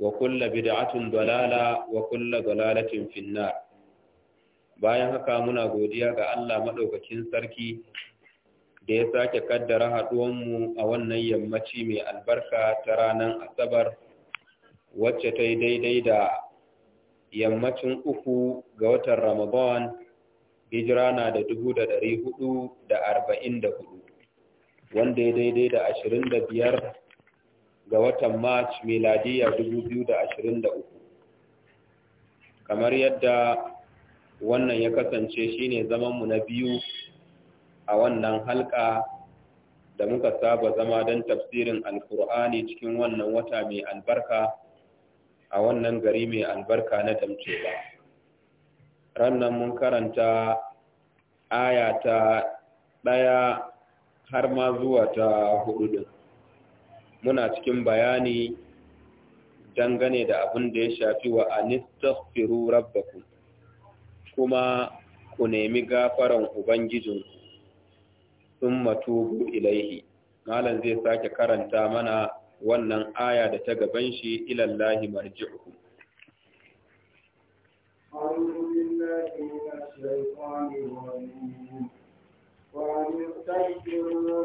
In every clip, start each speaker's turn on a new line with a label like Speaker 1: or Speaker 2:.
Speaker 1: وكل بدعة dalala, وكل ضلالة في النار bayan haka muna godiya ga Allah madaukakin sarki da ya sake kaddara mu a wannan yammaci mai albarka ta ranar asabar wacce ta yi daidai da yammacin uku ga watan ramadan hijira na da dubu da ɗari hudu da arba'in da hudu wanda ya daidai da ashirin da biyar ga watan March miladiya 2023 kamar yadda wannan ya kasance shine zamanmu na biyu a wannan halka da muka saba zama don tafsirin alkur'ani cikin wannan wata mai albarka a wannan gari mai albarka na ba rannan mun karanta aya ta ɗaya har ma zuwa ta hudu din muna cikin bayani dangane da abin da ya shafi wa anistaghfiru rabbakum kuma ku nemi gafaran ubangijinku thumma tubu ilaihi malam zai sake karanta mana wannan aya da ta gaban shi ilallahi marji'ukum
Speaker 2: أعوذ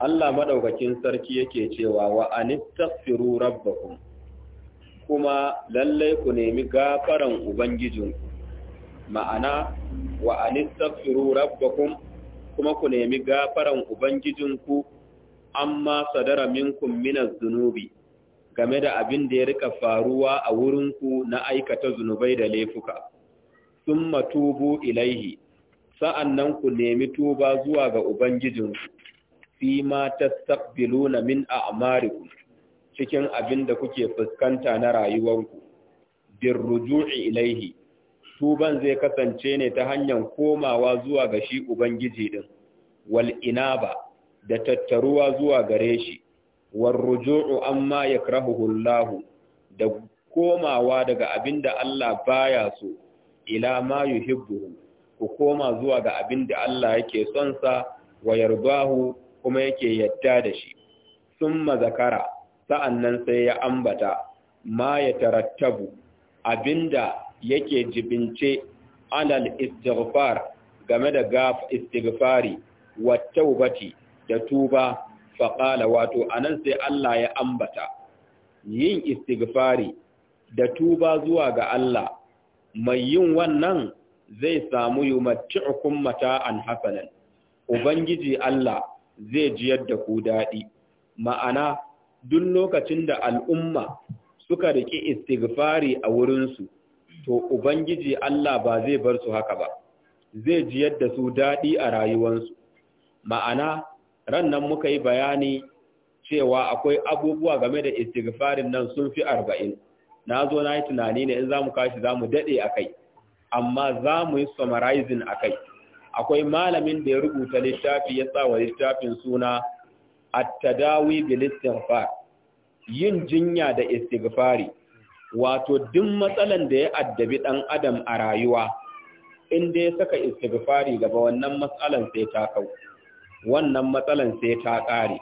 Speaker 1: Allah madaukakin sarki yake cewa wa anistaghfiru rabbakum kuma lallai ku nemi gafaran ubangijin ma'ana wa anistaghfiru rabbakum kuma ku nemi gafaran ubangijin ku, amma sadara minkum minaz zunubi game da abin da ya rika faruwa a wurin ku na aikata zunubai da laifuka summa tubu ilaihi sa'annan ku nemi tuba zuwa ga ubangijinku fi ma na min a amariku cikin abin da kuke fuskanta na rayuwarku Bin ruju'i ilaihi tuban zai kasance ne ta hanyar komawa zuwa ga shi ubangiji ɗin wal ba da tattaruwa zuwa gare shi war ruju'u amma yakrahuhu hullahu. da komawa daga abin da Allah baya so ila ma yuhibbu ku koma zuwa ga abin da Allah yake son sa wa yarbahu. kuma yake yadda da shi summa zakara nan sai ya ambata ma ya tarattabu abinda yake jibince alal istighfar game da gaf istighfari wa taubati da tuba faƙala wato anan sai Allah ya ambata yin istighfari da tuba zuwa ga Allah mai yin wannan zai samu yi yumatti'ukum mata'an hasanan ubangiji Allah zai jiyar da ku daɗi ma'ana duk lokacin da al'umma suka riƙe istighfari a wurinsu to ubangiji Allah ba zai bar su haka ba zai jiyar da su daɗi a rayuwansu ma'ana ran nan muka yi bayani cewa akwai abubuwa game da istighfarin nan sun fi arba'in na zo na yi tunani ne in za mu kashi za mu daɗe a kai amma za mu yi summarizing a kai akwai malamin da ya rubuta littafi ya sa wa littafin suna at-tadawi bil istighfar yin jinya da istighfari wato duk matsalan da ya addabi dan adam a rayuwa Inda ya saka istighfari gaba wannan matsalan sai ta kau wannan matsalan sai ta kare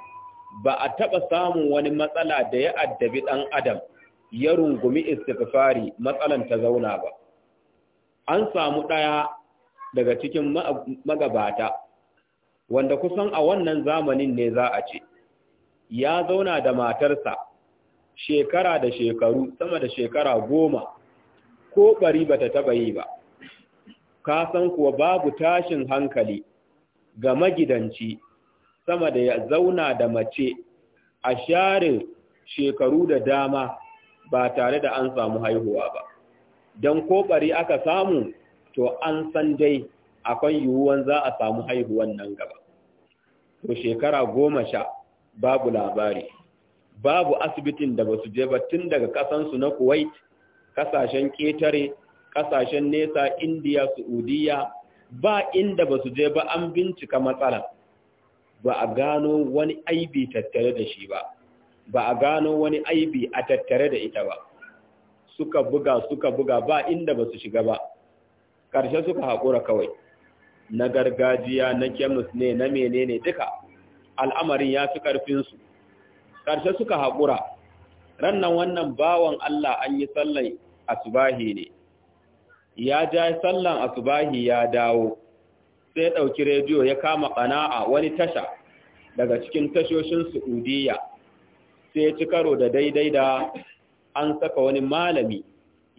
Speaker 1: ba a taɓa samun wani matsala da ya addabi dan adam ya rungumi istighfari matsalan ta zauna ba an samu ɗaya. daga cikin magabata wanda kusan a wannan zamanin ne za a ce ya zauna da matarsa shekara da shekaru sama da shekara goma ko bari bata taba yi ba ka san kuwa babu tashin hankali ga magidanci sama da ya zauna da mace a sharin shekaru da dama ba tare da an samu haihuwa ba don ko bari aka samu to an san dai akwai yiwuwan za a samu haihuwan nan gaba to shekara goma sha babu labari babu asibitin da ba su je ba tun daga kasansu na kuwait kasashen ƙetare kasashen nesa indiya saudiya ba inda ba su je ba an bincika matsala ba a gano wani aibi tattare da shi ba ba a gano wani aibi a tattare da ita ba suka buga suka buga ba inda ba su shiga ba ƙarshe suka haƙura kawai na gargajiya na kemis ne na menene duka al'amarin ya fi ƙarfinsu ƙarshe suka haƙura rannan wannan bawan Allah an yi sallan asubahi ne ya ja sallan asubahi ya dawo sai ɗauki rediyo ya kama ƙana'a wani tasha daga cikin tashoshin Saudiya sai ci karo da daidai da an saka wani malami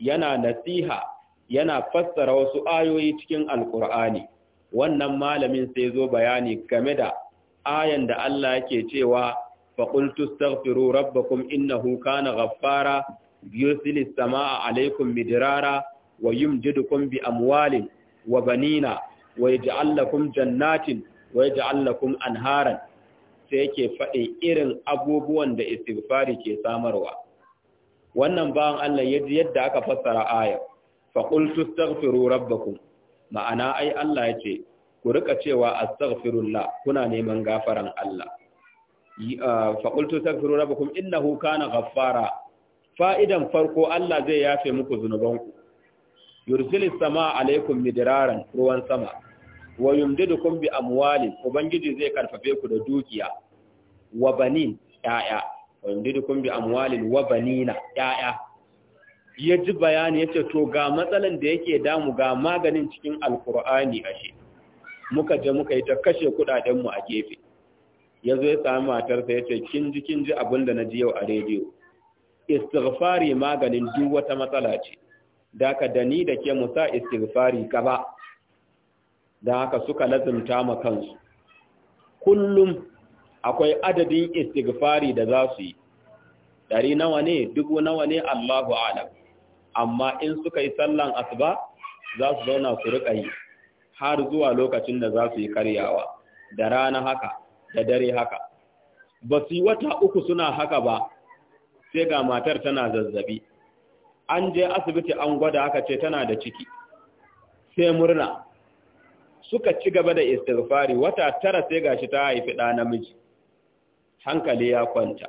Speaker 1: yana nasiha yana fassara wasu ayoyi cikin alkur'ani wannan malamin sai zo bayani game da ayan da Allah yake cewa faqultu astaghfiru rabbakum innahu kana ghaffara yursilis samaa alaykum midrara wa yumjidukum bi amwalin wa banina wa yaj'al lakum jannatin wa yaj'al lakum anharan sai yake faɗi irin abubuwan da istighfari ke samarwa wannan bayan Allah yadda aka fassara ayar faƙultu staghfiru rabbakum ma'ana ai Allah yace ku rika cewa astaghfirullah kuna neman gafaran Allah faƙultu staghfiru rabbakum innahu kana ghaffara fa'idan farko Allah zai yafe muku zunubanku yursilis sama alaikum midiraran ruwan sama wa yumdidukum bi amwalin ubangiji zai karfafe ku da dukiya wa banin ya'ya wa yumdidukum bi amwalin wa banina ya'ya ya ji bayani ya ce to ga matsalan da yake damu ga maganin cikin alkur'ani ashe muka je muka yi ta kashe kudadenmu a gefe ya zo ya sami matarsa ya ce kin ji kin ji abin da na ji yau a rediyo istighfari maganin duk wata matsala ce da ka da ni da ke musa istighfari ba. da haka suka lazumta ma kansu kullum akwai adadin istighfari da za su yi dari nawa ne dubu nawa ne Allahu alam amma in suka yi sallan asuba za su zauna su riƙa yi har zuwa lokacin da za su yi karyawa da rana haka da dare haka ba su yi wata uku suna haka ba sai ga matar tana zazzabi an je asibiti an gwada haka ce tana da ciki sai murna suka ci gaba da istighfari wata tara sai ga shi ta haifi ɗa namiji hankali ya kwanta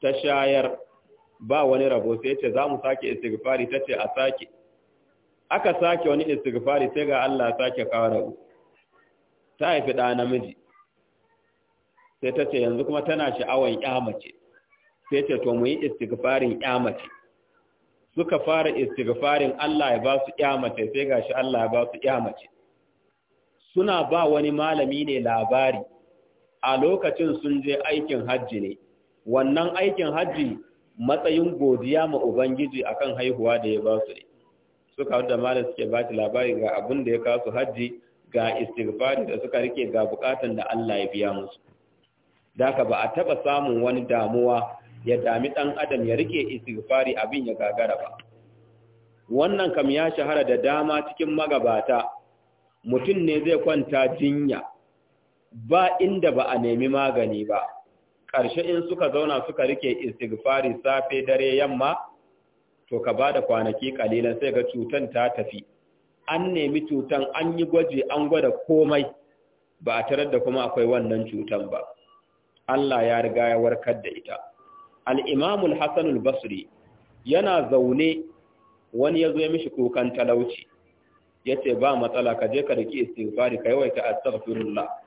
Speaker 1: ta shayar ba wani rabo sai ce za mu sake istighfari ta ce a sake aka sake wani istighfari sai ga Allah sake kawo rabo ta haifi ɗa namiji sai ta ce yanzu kuma tana sha'awan mace sai ce to mu yi istighfarin mace suka fara istighfarin Allah ya ba su mace sai ga shi Allah ya ba su mace suna ba wani malami ne labari a lokacin sun je aikin hajji ne wannan aikin hajji matsayin godiya ma ubangiji akan haihuwa da ya ba su ne suka da malam suke ba shi labari ga abin da ya kasu hajji ga istighfari da suka rike ga bukatan da Allah ya biya musu daka ba a taba samun wani damuwa ya dami ɗan adam ya rike istighfari abin ya gagara ba wannan kam ya shahara da dama cikin magabata mutum ne zai kwanta jinya ba inda ba a nemi magani ba Karshe in suka zauna suka rike istighfari safe dare yamma to ka bada kwanaki kalila sai ga cutan ta tafi an nemi cutan an yi gwaji an gwada komai ba a tarar da kuma akwai wannan cutan ba Allah ya riga ya warkar da ita al-imamul hasanul basri yana zaune wani ya zo ya mishi kukan talauci yace ba matsala ka je ka riki istighfari ka ta astaghfirullah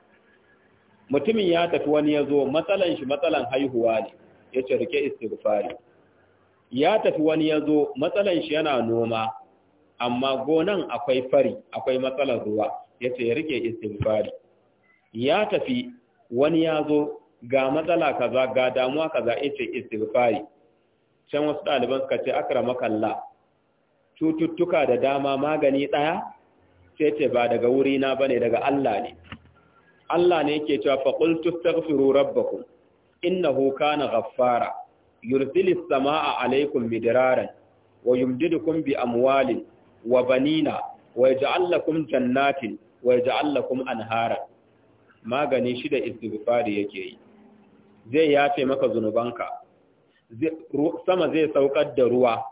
Speaker 1: mutumin ya tafi wani ya zo matsalan shi matsalan haihuwa ne ya ce rike istighfari ya tafi wani ya zo matsalan shi yana noma amma gonan akwai fari akwai matsalar ruwa ya ce rike istighfari ya tafi wani ya zo ga matsala kaza ga damuwa kaza ya ce istighfari can wasu ɗaliban suka ce akramakalla cututtuka da dama magani ɗaya sai ce ba daga wuri na bane daga Allah ne Allah ne yake cewa faqul tastaghfiru rabbakum innahu kana ghaffara yursilis samaa alaykum midraran wa yumdidukum bi amwalin wa banina wa yaj'al lakum jannatin wa yaj'al lakum anhara magani shida istighfari yake yi zai yafe maka zunubanka sama zai saukar da ruwa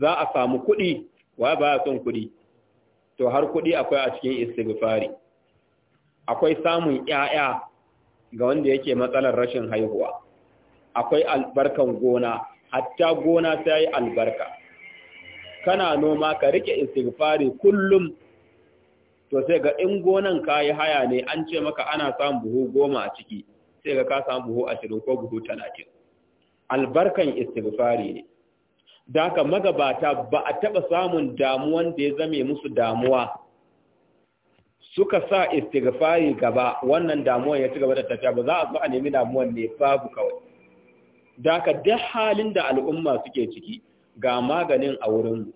Speaker 1: za a samu kuɗi wa ba a son kuɗi to har kuɗi akwai a cikin istighfari akwai samun ‘ya'ya ga wanda yake matsalar rashin haihuwa, akwai albarkan gona, hatta gona ta yi albarka. Kana noma ka rike istighfari kullum, to sai ga in gonan ka haya ne an ce maka ana samun buhu goma a ciki, sai ga ka samu buhu ashirin ko buhu talatin. Albarkan istighfari ne. Da magabata ba a taɓa samun damuwan da ya zame musu damuwa. suka sa istighfari gaba wannan damuwar ya ci gaba da tafiya ba za a zo a nemi damuwar ne babu kawai daga duk halin da al'umma suke ciki ga maganin a wurin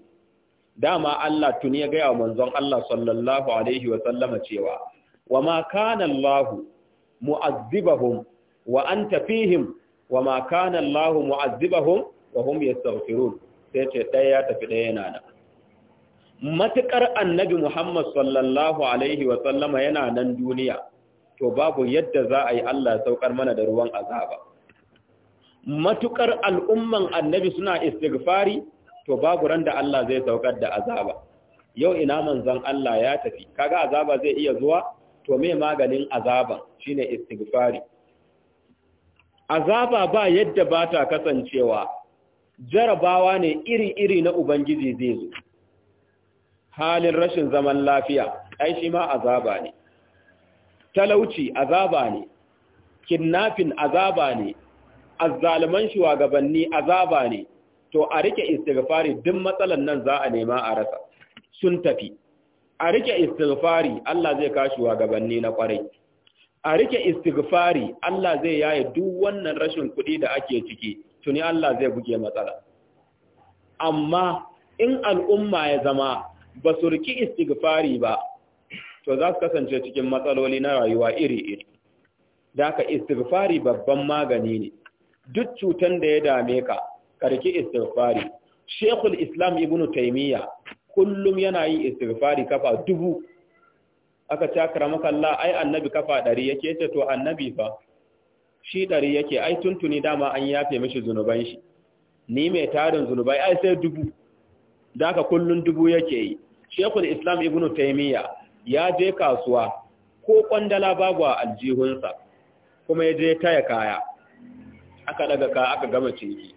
Speaker 1: dama Allah tuni ya gaya wa manzon Allah sallallahu alaihi wa sallama cewa wa ma kana Allah mu'azzibahum wa anta fihim wa ma kana Allah mu'azzibahum wa hum yastaghfirun sai ce ɗaya ya tafi ɗaya yana nan matuƙar annabi Muhammad sallallahu alaihi wa yana nan duniya to babu yadda za a yi Allah saukar mana da ruwan azaba Matuƙar al'umman annabi suna istighfari to babu ran da Allah zai saukar da azaba yau ina manzon Allah ya tafi kaga azaba zai iya zuwa to mai maganin azaban shine istighfari azaba ba yadda ba ta kasancewa jarabawa ne iri-iri na ubangiji zai zo halin rashin zaman lafiya ai shi ma azaba ne talauci azaba ne kidnapping azaba ne azzaluman shugabanni azaba ne to a rike istighfari duk matsalan nan za a nema a rasa sun tafi a rike istighfari Allah zai kashi wa na kwarai a rike istighfari Allah zai yaye duk wannan rashin kuɗi da ake ciki tuni Allah zai buge matsala amma in al'umma ya zama ba su riki istighfari ba to za su kasance cikin matsaloli na rayuwa iri-iri da ka istighfari babban magani ne duk cutan da ya dame ka ka riki istighfari shekul islam ibnu taimiyya kullum yana yi istighfari kafa dubu aka cakar makalla ai annabi kafa ɗari yake ce to annabi fa shi ɗari yake ai tuntuni dama an yafe mishi zunuban shi ni mai tarin zunubai ai sai dubu da ka kullum dubu yake yi shekul islam ibn taimiyya ya je kasuwa ko kwandala babu a aljihunsa kuma ya je taya kaya aka daga ka aka gama ciki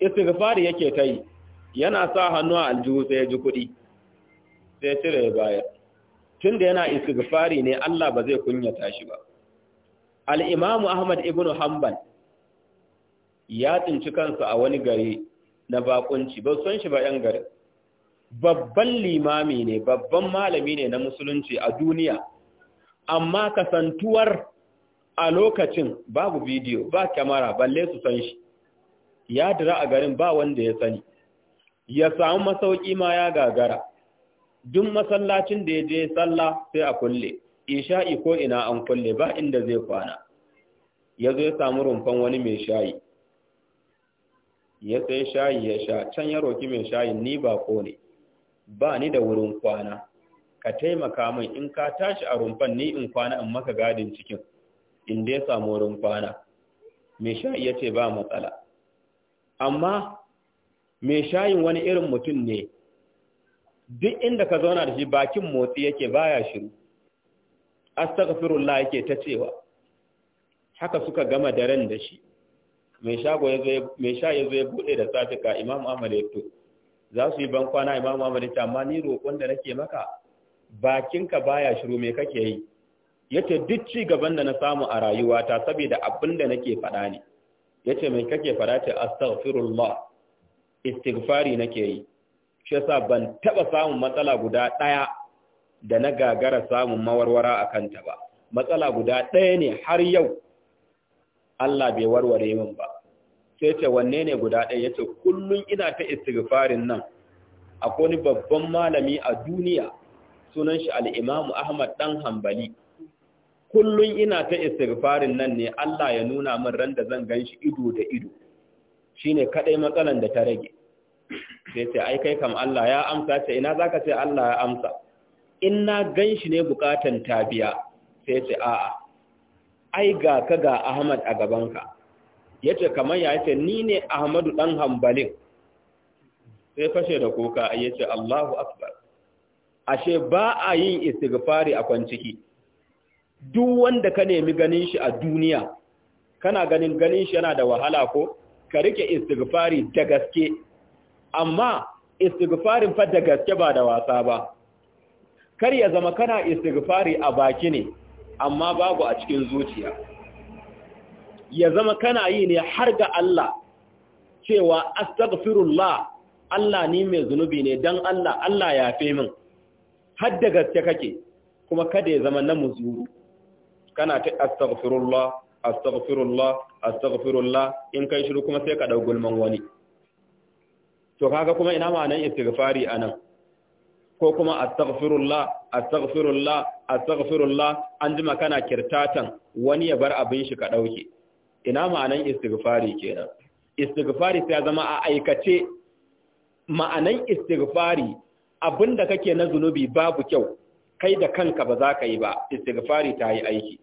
Speaker 1: istighfari yake ta yana sa hannu a aljihu sai ya ji kuɗi sai cire ya bayar Tunda yana istighfari ne Allah ba zai kunyata shi ba al-imam Ahmad ibn Hanbal ya tsinci kansa a wani gari na bakunci ba son shi ba yan garin babban limami ne babban malami ne na musulunci a duniya amma kasantuwar a lokacin babu bidiyo ba kyamara balle su san shi ya dira a garin ba wanda ya sani ya samu masauki ma ya gagara duk masallacin da ya je sallah sai a kulle isha'i ko ina an kulle ba inda zai kwana ya zo ya samu rumfan wani mai shayi ya sai shayi ya sha can ya roki mai shayi ni ba ko ne ba ni da wurin kwana ka taimaka min in ka tashi a rumfan ni in kwana in maka gadin cikin in dai samu wurin kwana mai sha'i ya ce ba matsala amma mai shayin wani irin mutum ne duk inda ka zauna da shi bakin motsi yake baya shiru astaghfirullah yake ta cewa haka suka gama daren da shi mai shago yazo shayi ya zo ya bude da safi ka imam ahmad ya to za su yi bankwana imam Muhammad ya ce amma ni roƙon da nake maka bakinka baya shiru me kake yi yace duk ci gaban da na samu a rayuwata saboda abin da nake faɗa ne yace me kake faɗa ce astaghfirullah istighfari nake yi shi yasa ban taba samun matsala guda ɗaya da na gagara samun mawarwara a kanta ba matsala guda ɗaya ne har yau Allah bai warware min ba sai ce wanne ne guda ɗaya ya ce kullum ina ta istighfarin nan akwai wani babban malami a duniya sunan shi al'imamu ahmad ɗan hambali kullum ina ta istighfarin nan ne allah ya nuna min ran da zan ganshi ido da ido shi ne kaɗai matsalan da ta rage sai ce ai kai kam allah ya amsa ce ina za ka ce allah ya amsa in na ganshi shi ne bukatan tabiya sai ce a'a ai ga ka ga ahmad a gabanka Ya ce kamar ya ce ni ne Ahmadu dan hambalin sai fashe da kuka ce Allahu akbar ashe ba a yin istighfari a kwanciki duk wanda ka nemi ganin shi a duniya kana ganin ganin shi yana da wahala ko ka rike istighfari da gaske amma istighfarin fa da gaske ba da wasa ba kar ya zama kana istighfari a baki ne amma babu a cikin zuciya ya zama kana yi ne har ga Allah cewa astaghfirullah Allah ni mai zunubi ne dan Allah Allah ya fe min har da gaske kake kuma kada ya zama na muzuru kana ta astaghfirullah astaghfirullah astaghfirullah in kai shiru kuma sai ka dau gulman wani to kaga kuma ina ma'anar istighfari anan
Speaker 2: ko kuma astaghfirullah astaghfirullah astaghfirullah an jima kana kirtatan wani ya bar abin shi ka dauke
Speaker 1: ina ma'anan istighfari kenan istighfari sai zama a aikace ma'anan istighfari abinda kake na zunubi babu kyau kai da kanka ba za ka yi ba istighfari ta yi aiki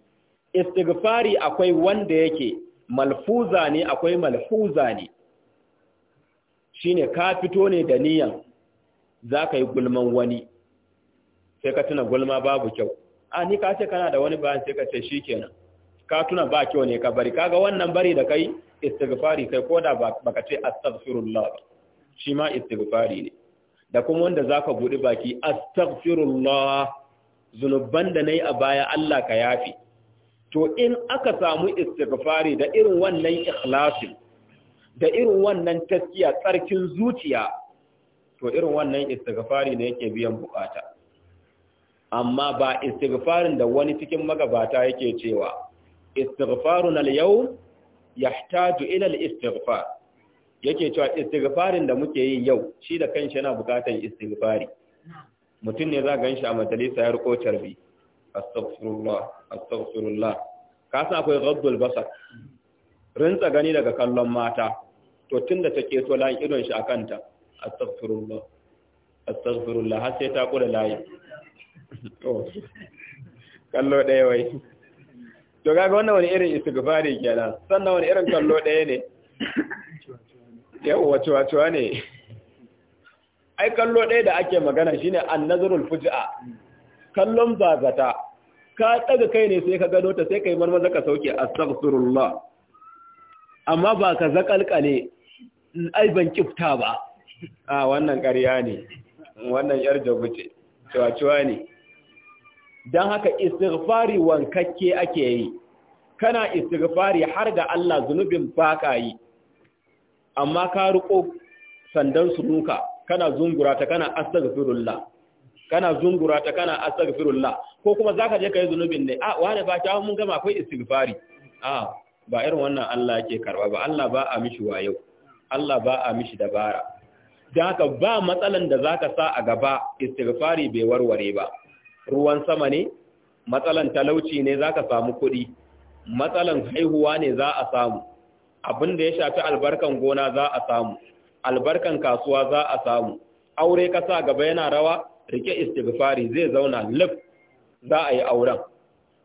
Speaker 1: istighfari akwai wanda yake malfuza ne akwai malfuza ne shine ka fito ne da niyan za ka yi gulman wani sai ka tuna gulma babu kyau a ni ka ce kana da wani bayan sai ka ce shi kenan ka tuna ba kyau ne ka bari kaga wannan bari da kai istighfari kai koda baka ce astaghfirullah shi ma istighfari ne da kuma wanda zaka buɗe baki astaghfirullah zunuban da nayi a baya Allah ka yafi to in aka samu istighfari da irin wannan ikhlasin da irin wannan taskiya tsarkin zuciya to irin wannan istighfari ne yake biyan bukata amma ba istighfarin da wani cikin magabata yake cewa istighfarun al-yawm yahtaju ila al-istighfar yake cewa istighfarin da muke yi yau shi da kanshi yana bukatan istighfari mutum ne za ganshi a majalisa ya riko tarbi astaghfirullah astaghfirullah ka san akwai ghaddul basar rinsa gani daga kallon mata to tunda take to layin idon shi akan ta astaghfirullah astaghfirullah har sai ta kula layi oh. kallo ɗaya wai to kaga wannan wani irin istighfari kenan sannan wani irin kallo ɗaya ne yawwa wacewa cewa ne ai kallo ɗaya da ake magana shine annazrul fujia kallon bazata ka tsaga kai ne sai ka gano ta sai kai marmar ka sauke astaghfirullah amma ba ka zakalkale ai ban kifta ba a wannan ƙarya ne wannan yar jabuce cewa cewa ne don haka istighfari wankakke ake yi kana istighfari har ga Allah zunubin baka yi amma ka ruko sandan sunuka kana zungura ta kana astaghfirullah kana zungura ta kana astaghfirullah ko kuma zaka je kai zunubin ne a wani ba ta mun gama akwai istighfari a ba irin wannan Allah yake karba ba Allah ba a mishi wayo Allah ba a mishi dabara dan haka ba matsalan da zaka sa a gaba istighfari bai warware ba ruwan sama ne matsalan talauci ne za ka samu kuɗi matsalan haihuwa ne za a samu abin da ya shafi albarkan gona za a samu albarkan kasuwa za a samu aure kasa gaba yana rawa rike istighfari zai zauna lif za a yi auren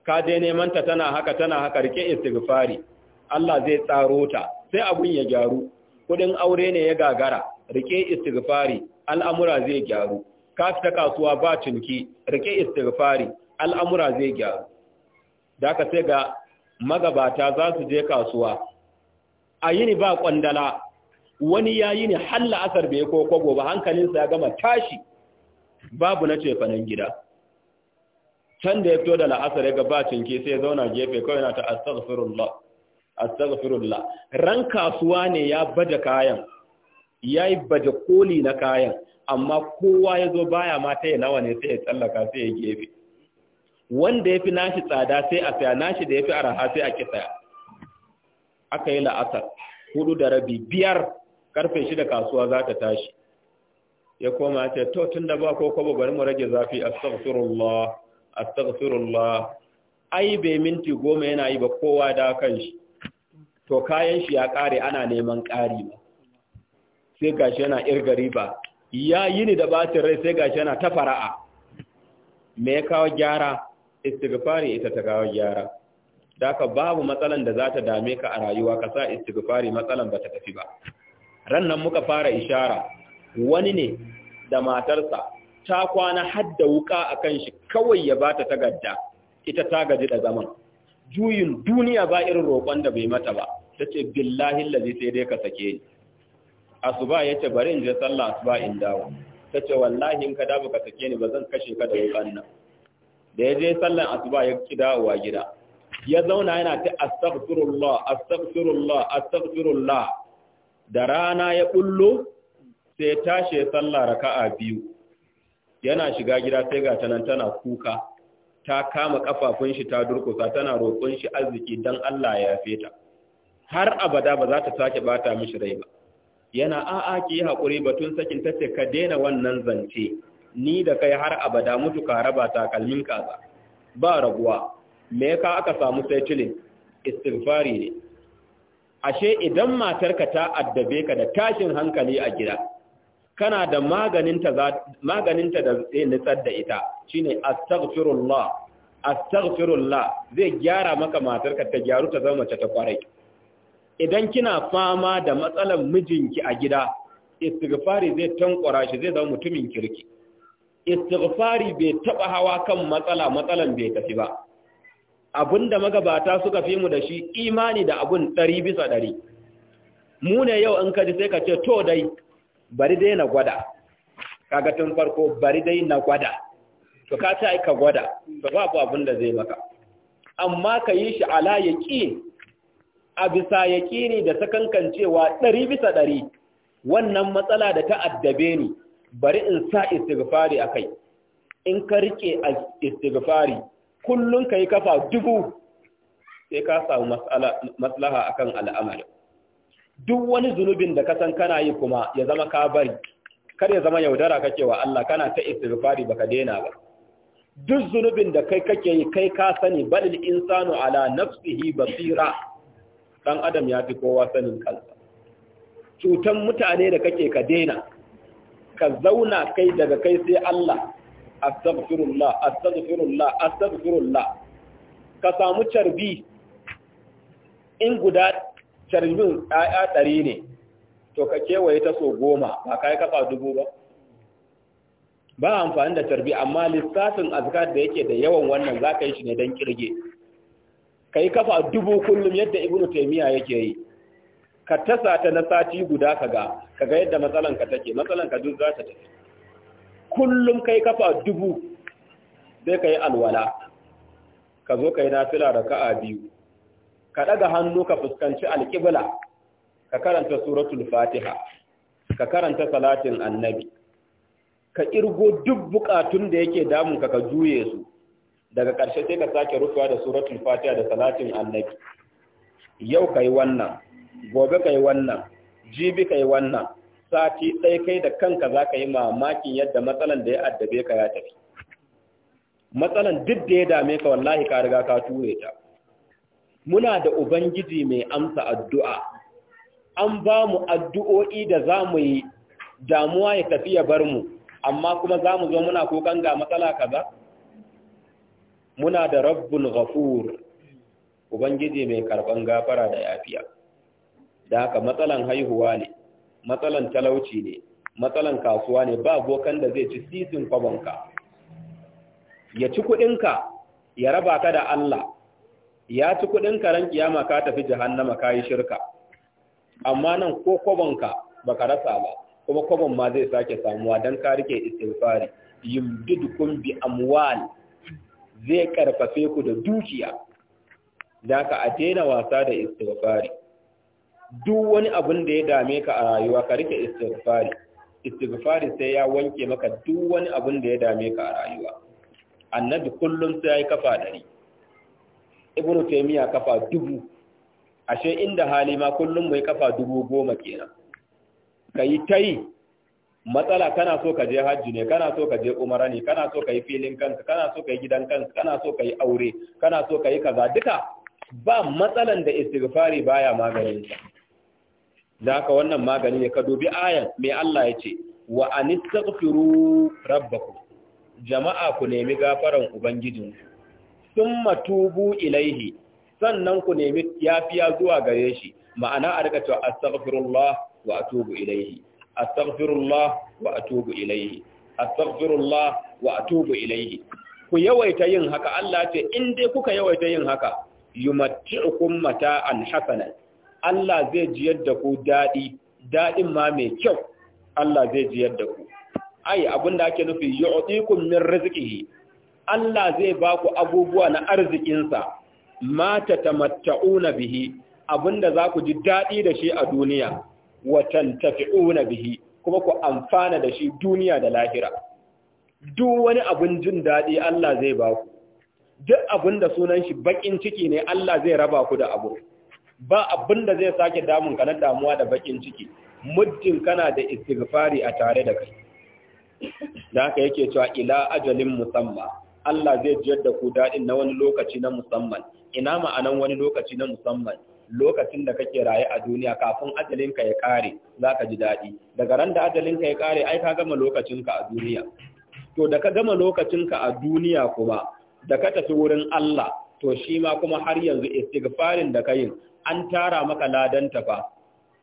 Speaker 1: ka je neman ta tana haka tana haka rike istighfari Allah zai tsaro ta sai abun ya gyaru Kuɗin aure ne ya gagara rike istighfari al'amura zai gyaru ka fita kasuwa ba cinki rike istighfari al'amura zai gyaru da ka sai ga magabata za su je kasuwa a yini ba kwandala wani ya yi ni halla asar bai ko kwago ba hankalinsa ya gama tashi babu na cefanen gida can da ya fito da la'asar ya gaba cinke sai zauna gefe kawai na ta astaghfirullah astaghfirullah ran kasuwa ne ya baje kayan ya yi baje koli na kayan amma kowa ya zo baya ma ta yi nawa ne sai ya tsallaka sai ya gefe wanda ya fi nashi tsada sai a saya nashi da ya fi araha sai a kisa aka yi la'asar hudu da rabi biyar karfe shida kasuwa za ta tashi ya koma ce to tun da ba ko kwaba bari mu rage zafi astaghfirullah astaghfirullah ai bai minti goma yana yi ba kowa da kan shi to kayan shi ya kare ana neman kari ba sai gashi yana irga riba ya yi ni da batin rai sai gashi yana ta fara'a me ya kawo gyara istighfari ita ta kawo gyara Da ka babu matsalan da za ta dame ka a rayuwa ka sa istighfari matsalan ba ta tafi ba ran nan muka fara ishara wani ne da matarsa ta kwana da wuka a kan shi kawai ya ba ta tagadda ita ta gaji da zaman juyin duniya ba irin roƙon da bai mata ba ta ce billahi lazi sai dai ka sake ni asuba ya ce bari in je sallah asuba in dawo ta ce wallahi in ka dawo ka sake ni ba zan kashe ka da wukan nan da ya je sallah asuba ya ki dawowa gida ya zauna yana ta astaghfirullah astaghfirullah astaghfirullah da rana ya bullo sai tashi ya sallah raka'a biyu yana shiga gida sai ga tanan tana kuka ta kama kafafun shi ta durkusa tana roƙon shi arziki dan Allah ya yafe ta har abada ba za ta sake bata mishi rai ba yana a'a ki yi haƙuri batun sakin tace ka daina wannan zance ni da kai har abada mutu ka raba takalmin kaza ba raguwa me ka aka samu sai cilin istighfari ne ashe idan matarka ta addabe ka da tashin hankali a gida kana da maganinta maganinta da zai nitsar da ita shine astaghfirullah astaghfirullah zai gyara maka matarka ta gyaru ta zama ta kwarai idan kina fama da matsalar mijinki a gida istighfari zai tankwara shi zai zama mutumin kirki istighfari bai taba hawa kan matsala matsalan bai tafi ba abinda magabata suka fi mu da shi imani da abun ɗari bisa ɗari mu ne yau in ka ji sai ka ce to dai bari dai na gwada kaga tun farko bari dai na gwada to ka ce ai gwada to babu abin zai maka amma ka yi shi ala yaqin a bisa ne da sakankancewa ɗari bisa ɗari wannan matsala da ta addabe ni bari in sa istighfari a kai in ka riƙe istighfari kullum ka yi kafa dubu sai ka samu maslaha akan al'amari duk wani zunubin da kasan san kana yi kuma ya zama ka bari kar ya zama yaudara kake wa Allah kana ta istighfari baka daina ba duk zunubin da kai kake yi kai ka sani balil insanu ala nafsihi basira ɗan adam ya fi kowa sanin kansa cutan mutane da kake ka daina ka zauna kai daga kai sai Allah astaghfirullah astaghfirullah astaghfirullah ka samu carbi in guda carbin ɗaya ɗari ne to ka kewaye ta so goma ba ka yi kafa dubu ba ba amfani da carbi amma lissafin azkar da yake da yawan wannan za ka yi shi ne don kirge ka yi kafa dubu kullum yadda ibnu taimiya yake yi ka tasa ta na sati guda kaga kaga yadda matsalanka take matsalanka duk za ta tafi kullum kai kafa dubu sai ka yi alwala ka zo ka yi nafila da ka'a biyu ka ɗaga hannu ka fuskanci alƙibla ka karanta suratul fatiha ka karanta salatin annabi ka ƙirgo duk buƙatun da yake ka ka juye su daga ƙarshe sai ka sake rufewa da suratul fatiha da salatin annabi yau kai wannan gobe kai wannan jibi kai wannan sati ɗaya kai da kanka za ka yi mamakin yadda matsalan da ya addabe ka ya tafi matsalan duk da ya dame ka wallahi ka riga ka ture ta muna da ubangiji mai amsa addu'a an ba mu addu'o'i da za mu yi damuwa ya tafi ya bar mu amma kuma za mu zo muna kokan ga matsala kaza muna da rabbul ghafur ubangiji mai karban gafara da yafiya da haka matsalan haihuwa ne matsalan talauci ne matsalan kasuwa ne ba bokan da zai ci sisin kwabonka ya ci kuɗinka ya raba ka da Allah ya ci kuɗinka ran kiyama ka tafi jahannama ka yi shirka amma nan ko kwabonka ka rasa ba kuma kwabon ma zai sake samuwa don ka rike istighfari yumdidukum bi amwal zai karfafe ku da dukiya Za ka a daina wasa da istighfari duk wani abin da ya dame ka a rayuwa ka rike istighfari istighfari sai ya wanke maka duk wani abin da ya dame ka a rayuwa annabi kullum sai ya kafa dari ibnu taymiya kafa dubu ashe inda hali ma kullum mai kafa dubu goma kenan ka yi ta matsala kana so ka je hajji ne kana so ka je umara ne kana so ka yi filin kanka kana so ka yi gidan kanka kana so ka yi aure kana so ka yi kaza duka ba matsalan da istighfari baya maganin sa da haka wannan magani ne ka dubi ayan mai Allah ya ce wa anistaghfiru rabbakum jama'a ku nemi gafaran ubangijin summa tubu ilaihi sannan ku nemi yafiya zuwa gare shi ma'ana a rika cewa astaghfirullah wa atubu ilaihi astaghfirullah wa atubu ilayhi astaghfirullah wa atubu ilayhi ku yawaita yin haka Allah ce in dai kuka yawaita yin haka yumatti'ukum mata'an hasanan Allah zai jiyar da ku dadi dadin ma mai kyau Allah zai jiyar da ku ai abinda ake nufi yu'tikum min rizqihi Allah zai ba ku abubuwa na arzikinsa ma tatamatta'una bihi abinda za ku ji dadi da shi a duniya Watan wa tantafi'una bihi kuma ku amfana da shi duniya da lahira duk wani abun jin daɗi Allah zai ba ku duk abun da sunan shi bakin ciki ne Allah zai raba ku da abu ba abin da zai sake damun ka na damuwa da bakin ciki muddin kana da istighfari a tare da kai da haka yake cewa ila ajalin musamma Allah zai jiyar da ku dadin na wani lokaci na musamman ina ma'anan wani lokaci na musamman lokacin da kake raye a duniya kafin ajalinka ya kare za ka ji daɗi daga ran da ajalinka ya kare ai ka gama lokacinka a duniya to da ka gama lokacinka a duniya kuma da ka tafi wurin Allah to shi ma kuma har yanzu istighfarin da kayin an tara maka ladanta fa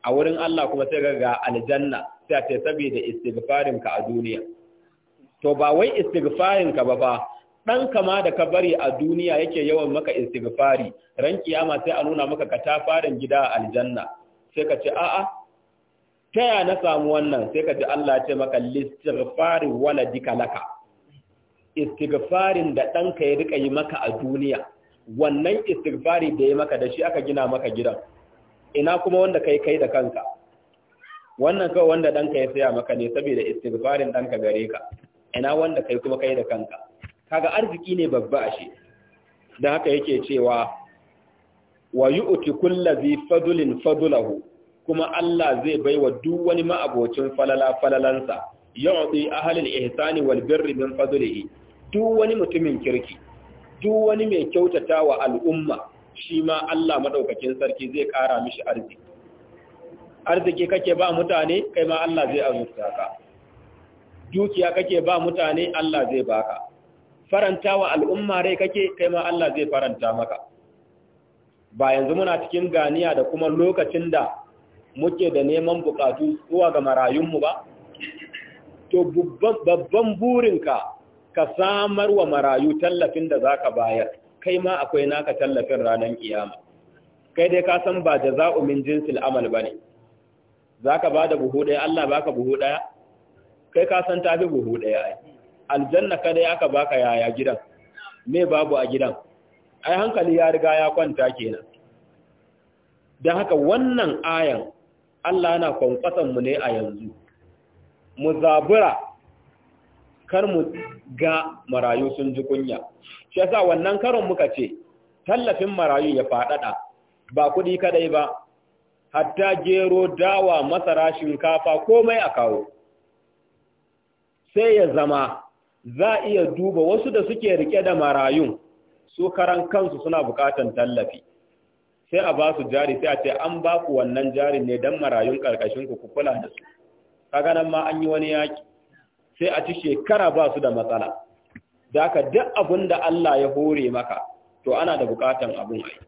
Speaker 1: a wurin Allah kuma sai ga aljanna sai a ce saboda istighfarin ka a duniya to ba wai istighfarin ka ba fa ɗan kama da ka bari a duniya yake yawan maka istighfari ran kiyama sai a nuna maka ka tafarin gida a aljanna sai ka ce a'a ta ya na samu wannan sai ka ji Allah ce maka listighfari waladika laka istighfarin da ɗanka ya rika yi maka a duniya wannan istighfari da ya maka da shi aka gina maka gidan ina kuma wanda kai kai da kanka wannan kawai wanda ɗanka ya saya maka ne saboda istighfarin ɗanka gare ka ina wanda kai kuma kai da kanka kaga arziki ne babba shi. dan haka yake cewa wa yu'ti kullazi fadlin fadlahu kuma Allah zai baiwa duk wani ma'abocin falala falalansa yu'ti ahlil ihsani wal birri min fadlihi duk wani mutumin kirki duk wani mai kyautatawa al'umma shi ma Allah madaukakin sarki zai kara mishi arziki arziki kake ba mutane kai ma Allah zai azurta ka dukiya kake ba mutane Allah zai baka faranta wa al'umma rai kake kai ma Allah zai faranta maka ba yanzu muna cikin ganiya da kuma lokacin da muke da neman bukatu zuwa ga marayunmu ba to babban burinka ka samar wa marayu tallafin da za ka bayar kai ma akwai naka tallafin ranar kiyama kai dai ka san ba da zaumin jinsil amal ba ne. Za ka ba da buhu daya Allah baka buhu ɗaya. kai ka san tafi buhu ɗaya. ai aljanna kada ya aka baka yaya gidan me babu a gidan ai hankali ya riga ya kwanta kenan dan haka wannan ayan Allah yana kwankwason mu ne a yanzu mu zabura kar mu ga marayu sun ji kunya shi yasa wannan karon muka ce tallafin marayu ya faɗaɗa ba kuɗi kadai ba hatta gero dawa masara shinkafa komai a kawo sai ya zama za a iya duba wasu da suke rike da marayun su karan kansu suna bukatan tallafi sai a ba su jari sai a ce an ba ku wannan jari ne don marayun karkashin ku ku kula da su kaga nan ma an yi wani yaki sai a ci shekara ba su da matsala da ka duk abin da Allah ya hore maka to ana da bukatan abin ai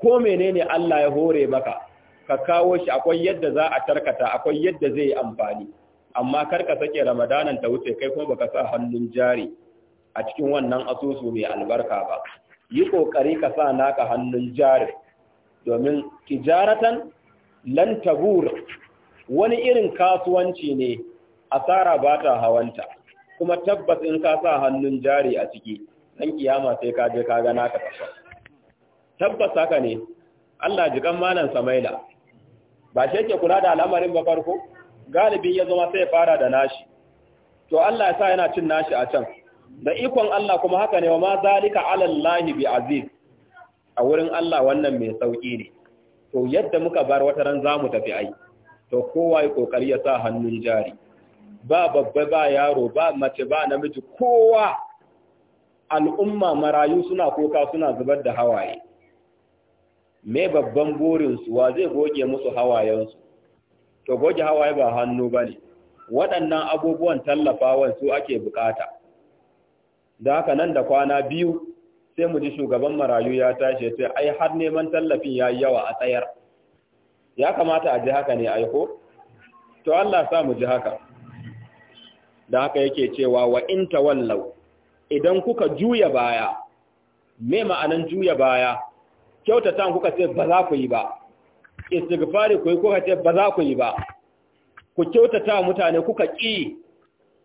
Speaker 1: ko menene Allah ya hore maka ka kawo shi akwai yadda za a tarkata akwai yadda zai yi amfani amma kar ka sake ramadanan ta wuce kai kuma baka sa hannun jari a cikin wannan asusu mai albarka ba yi kokari ka sa naka hannun jari domin tijaratan lan tabur wani irin kasuwanci ne asara ba ta hawanta kuma tabbas in ka sa hannun jari a ciki dan kiyama sai ka je ka ga naka tabbas haka ne Allah jikan malan Samaila ba shi yake kula da al'amarin ba farko galibin ya zama sai fara da nashi to Allah ya sa yana cin nashi a can da ikon Allah kuma haka ne wa ma zalika ala Allah bi aziz a wurin Allah wannan mai sauki ne to yadda muka bar wata ran zamu tafi ai to kowa ya kokari ya sa hannun jari ba babba ba yaro ba mace ba namiji kowa al'umma marayu suna koka suna zubar da hawaye me babban burinsu wa zai goge musu hawayensu to goge hawaye ba hannu ba ne waɗannan abubuwan tallafawa su ake bukata da haka nan da kwana biyu sai mu ji shugaban marayu ya tashi sai ai har neman tallafin ya yi yawa a tsayar ya kamata a ji haka ne aiko to Allah sa mu ji haka da haka yake cewa wa in tawallau idan kuka juya baya me ma'anan juya baya kyautatan kuka ce ba za ku yi ba istighfari ku yi kuka ce ba za ku yi ba ku kyautata mutane kuka ƙi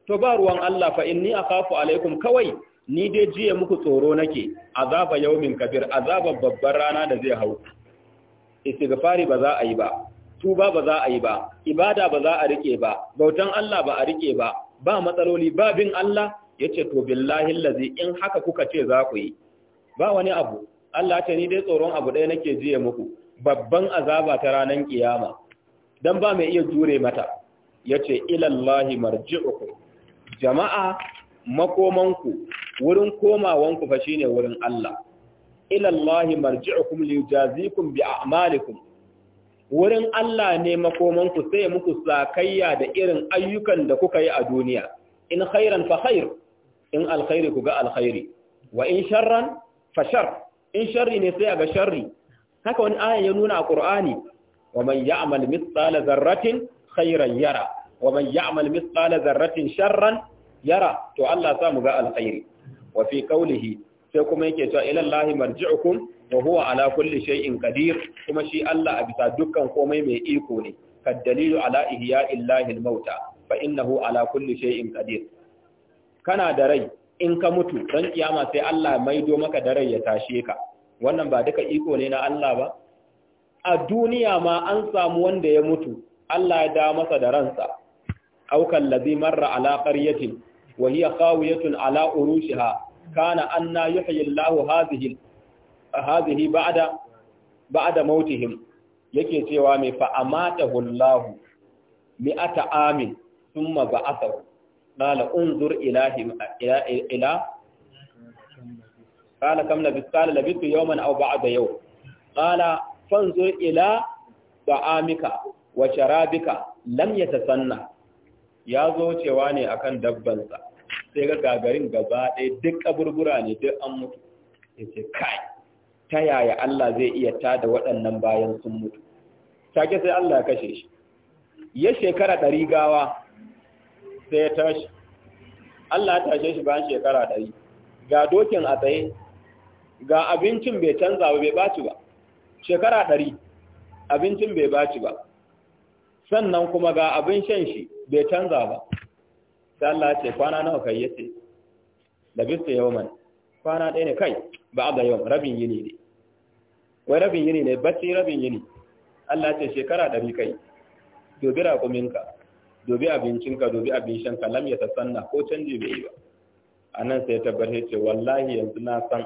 Speaker 1: to ba ruwan Allah fa inni akhafu alaikum kawai ni dai jiye muku tsoro nake azaba yawmin kabir azaba babbar rana da zai hau istighfari ba za a yi ba tuba ba za a yi ba ibada ba za a rike ba bautan Allah ba a rike ba ba matsaloli ba bin Allah yace to billahi allazi in haka kuka ce za ku yi ba wani abu Allah ce ni dai tsoron abu ɗaya nake jiye muku babban azaba ta ranar ƙiyama, dan ba mai iya jure mata yace ilallahi marji'ukum jama'a makomanku wurin komawanku fa shine wurin Allah ilallahi marji'ukum liyajazikum bi a'malikum wurin Allah ne makomanku sai muku sakayya da irin ayyukan da kuka yi a duniya in khairan fa khair in alkhairi ku ga alkhairi wa in sharran fa shar in sharri ne sai a ga sharri haka wani aya ya nuna a Qur'ani wa man ya'mal mithqala dharratin khairan yara wa man ya'mal mithqala dharratin sharran yara to Allah sa mu ga alkhairi wa fi qawlihi sai kuma yake cewa ila Allah marji'ukum wa huwa ala kulli shay'in qadir kuma shi Allah a bisa dukkan komai mai iko ne kad dalilu ala ihya illahi al-mauta fa innahu ala kulli shay'in qadir kana da rai in ka mutu dan kiyama sai Allah maido maka da rai ya tashe ka wannan ba duka iko ne na Allah ba a duniya ma an samu wanda ya mutu Allah ya da masa da ransa aukan ladhi marra ala qaryatin wa hiya khawiyatun ala urushiha kana anna yuhyi Allahu hadhihi hadhihi ba'da ba'da mautihim yake cewa mai fa amatahu Allahu ata amin thumma ba'athahu qala unzur ilahi ila قال كم لبثت قال لبثت يوما أو بعد يوم قال فانظر إلى طعامك وشرابك لم يتسنى ya zo cewa ne akan dabbansa sai ga gagarin gaba ɗaya duk kaburbura ne duk an mutu ya ce kai ta yaya Allah zai iya tada waɗannan bayan sun mutu take sai Allah ya kashe shi ya shekara ɗari gawa sai ya tashi Allah ya tashe shi bayan shekara ɗari ga dokin a tsaye ga abincin bai canza ba bai baci ba shekara ɗari abincin bai baci ba sannan kuma ga abin shan shi bai canza ba sai Allah ce kwana nawa kai yace labista yawman kwana ɗaya ne kai ba a ga yawan rabin yini ne wai rabin yini ne bacci rabin yini Allah ce shekara ɗari kai dobi raƙuminka dobi abincinka dobi abin shanka lam ya sanna, ko canji bai yi ba a nan sai tabbatar ce wallahi yanzu na san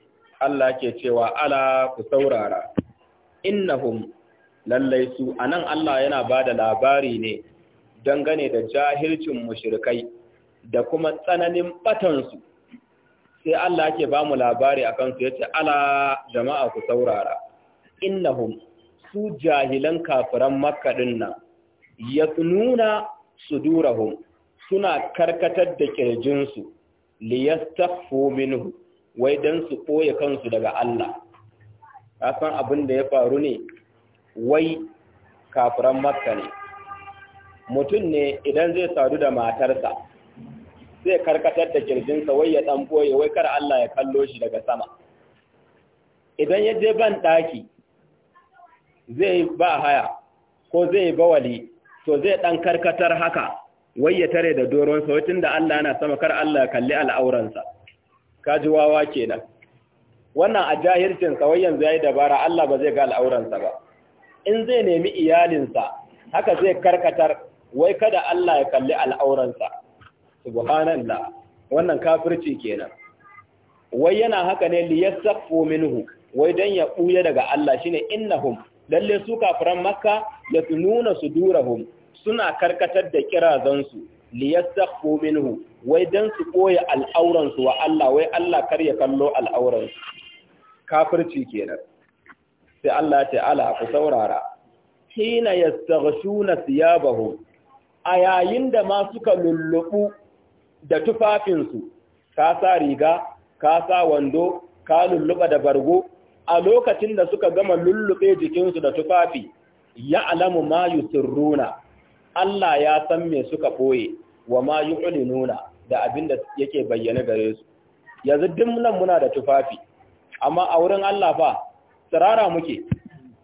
Speaker 1: Allah ke cewa ala ku saurara innahum lallai su anan Allah yana ba da labari ne dangane da jahilcin mushrikai da kuma tsananin batansu sai Allah ke ba mu labari akan su yace ala jama'a ku saurara innahum su jahilan kafiran makka dinnan yasnuna sudurahum suna karkatar da kirjinsu liyastaffu minhu wai don su ɓoye kansu daga Allah ka san abin da ya faru ne wai kafiran makka ne mutum ne idan zai sadu da matarsa zai karkatar da kirjinsa wai ya ɗan ɓoye wai kar Allah ya kallo shi daga sama idan ya je ban ɗaki zai ba haya ko zai bawali to zai ɗan karkatar haka wai ya tare da doronsa wacin da Allah yana sama kar Allah ya kalli al'auransa kaji wawa kenan wannan a jahircin wai yanzu yayi dabara Allah ba zai ga al'auransa ba in zai nemi iyalinsa haka zai karkatar wai kada Allah ya kalli al'auransa subhanallah wannan kafirci kenan wai yana haka ne liyassaqu minhu wai dan ya ɓuya daga Allah shine innahum lalle su kafiran makka yatununa sudurahum suna karkatar da kirazansu liyastakhfu minhu wai dan su koya al'auran su wa Allah wai Allah kar ya kallo al'auran su kafirci kenan sai Allah ta'ala ku saurara hina yastaghshuna thiyabahu a yayin da ma suka lullubu da tufafinsu ka sa riga ka sa wando ka lulluba da bargo a lokacin da suka gama lullube jikinsu da tufafi ya alamu ma yusirruna Allah ya san me suka ɓoye wa ma nuna da abin da yake bayyana gare su yanzu nan muna da tufafi amma a wurin Allah fa tsirara muke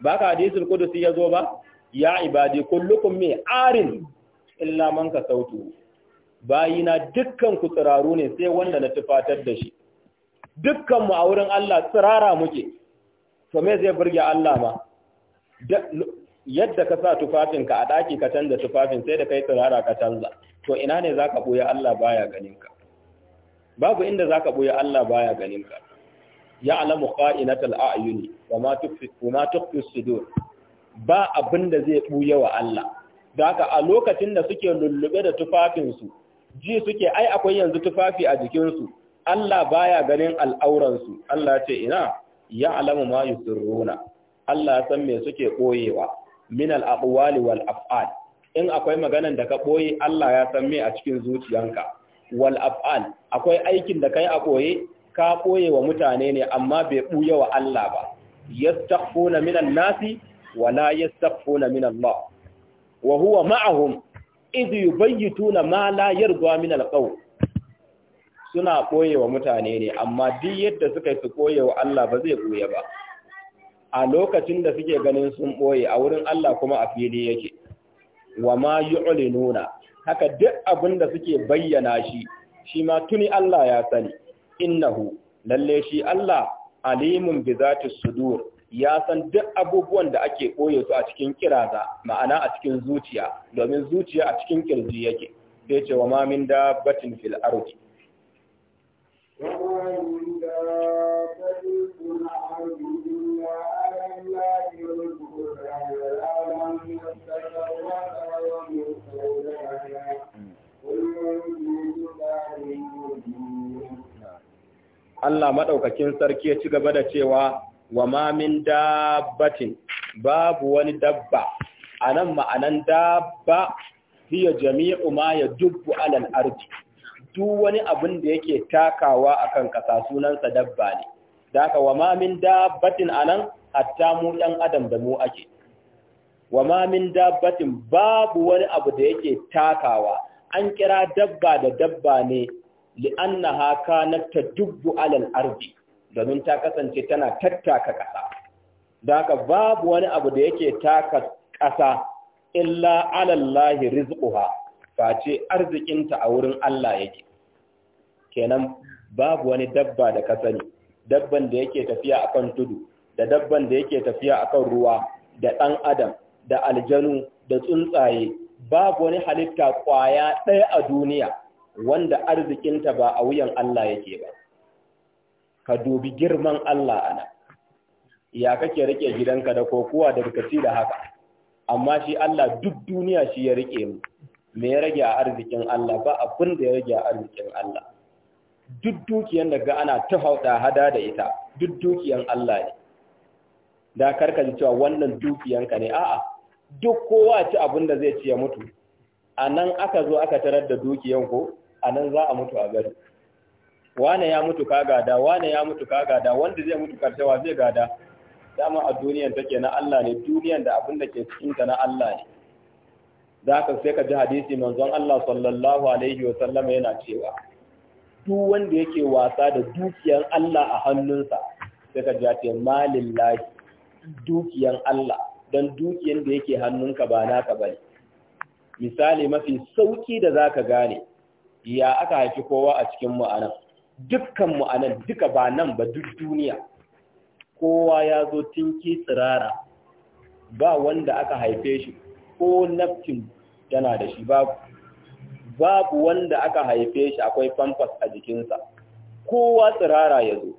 Speaker 1: ba ka hadisul ya zo ba ya ibadi kullukum me arin illa man ka sautu bayina dukkan ku tsiraru ne sai wanda na tufatar da shi dukkan mu a wurin Allah tsirara muke to me zai burge Allah ma yadda ka sa tufafinka a ɗaki ka canza tufafin sai da kai tsirara ka canza to ina ne za ka ɓoye Allah baya ganinka babu inda za ka ɓoye Allah baya ganinka ya alamu ƙa'inatal a'yuni wa ma tukfi sudur ba abin da zai ɓuya wa Allah daga a lokacin da suke lullube da tufafinsu ji suke ai akwai yanzu tufafi a jikinsu Allah baya ganin al'auransu Allah ce ina ya alamu ma yusirruna Allah san me suke ɓoyewa min al-aqwali wal af'al in akwai maganan da ka ɓoye Allah ya san me a cikin zuciyanka wal af'al akwai aikin da kai a ɓoye ka ɓoye wa mutane ne amma bai buya wa Allah ba yastaghfuna min an-nasi wa la yastaghfuna min Allah wa huwa ma'ahum id yubayyituna ma la yarda min al-qawl suna ɓoye wa mutane ne amma duk yadda suka yi su ɓoye wa Allah ba zai ɓuya ba a lokacin da suke ganin sun ɓoye a wurin Allah kuma a fili yake wa ma yu'linuna haka duk abin da suke bayyana shi shi ma tuni Allah ya sani innahu lalle shi Allah alimun bi zati sudur ya san duk abubuwan da ake ɓoye su a cikin kiraza ma'ana a cikin zuciya domin zuciya a cikin kirji yake sai ce wa ma min batin fil ardi Allah maɗaukakin sarki ya ci gaba da cewa wa mamin dabbatin babu wani dabba a nan ma'anan dabba fiye jami'u ma ya dubbu alal arji duk wani abin da yake takawa a kan kasa sunansa dabba ne da aka wa mamin dabbatin a nan hatta mu ɗan adam da mu ake wa mamin dabbatin babu wani abu da yake takawa an kira dabba da dabba ne na ta dubbu alal ardi domin ta kasance tana tattaka ƙasa da babu wani abu da yake taka ƙasa illa alallahi rizquha face arzikinta a wurin Allah yake kenan babu wani dabba da ka sani dabban da yake tafiya akan tudu da dabban da yake tafiya akan ruwa da ɗan adam da aljanu da tsuntsaye babu wani halitta ƙwaya ɗaya a duniya wanda arzikinta ba a wuyan Allah yake ba ka dubi girman Allah ana ya kake rike gidanka da kokowa da ci da haka amma shi Allah duk duniya shi ya rike mu me ya rage a arzikin Allah ba abin da ya rage a arzikin Allah duk dukiyan da ga ana ta hauda hada da ita duk dukiyan Allah ne da karka ji cewa wannan dukiyanka ne a'a duk kowa ci abin da zai ci ya mutu a nan aka zo aka tarar da dukiyan ko a nan za a mutu a gari wane ya mutu ka gada wane ya mutu ka gada wanda zai mutu wa zai gada dama a duniyan take na Allah ne duniyan da abin da ke cikin ta na Allah ne Za ka sai ka ji hadisi manzon Allah sallallahu alaihi wa sallama yana cewa duk wanda yake wasa da dukiyan Allah a hannunsa sai ka ji ya ce malillahi dukiyan Allah don dukiyan da yake hannunka ba naka bane misali mafi sauki da zaka gane ya aka haifi kowa a cikin mu anan dukkan duka ba nan ba duk duniya kowa ya zo tinki tsirara ba wanda aka haife shi ko naftin yana da shi babu babu wanda aka haife shi akwai famfas a jikinsa kowa tsirara ya zo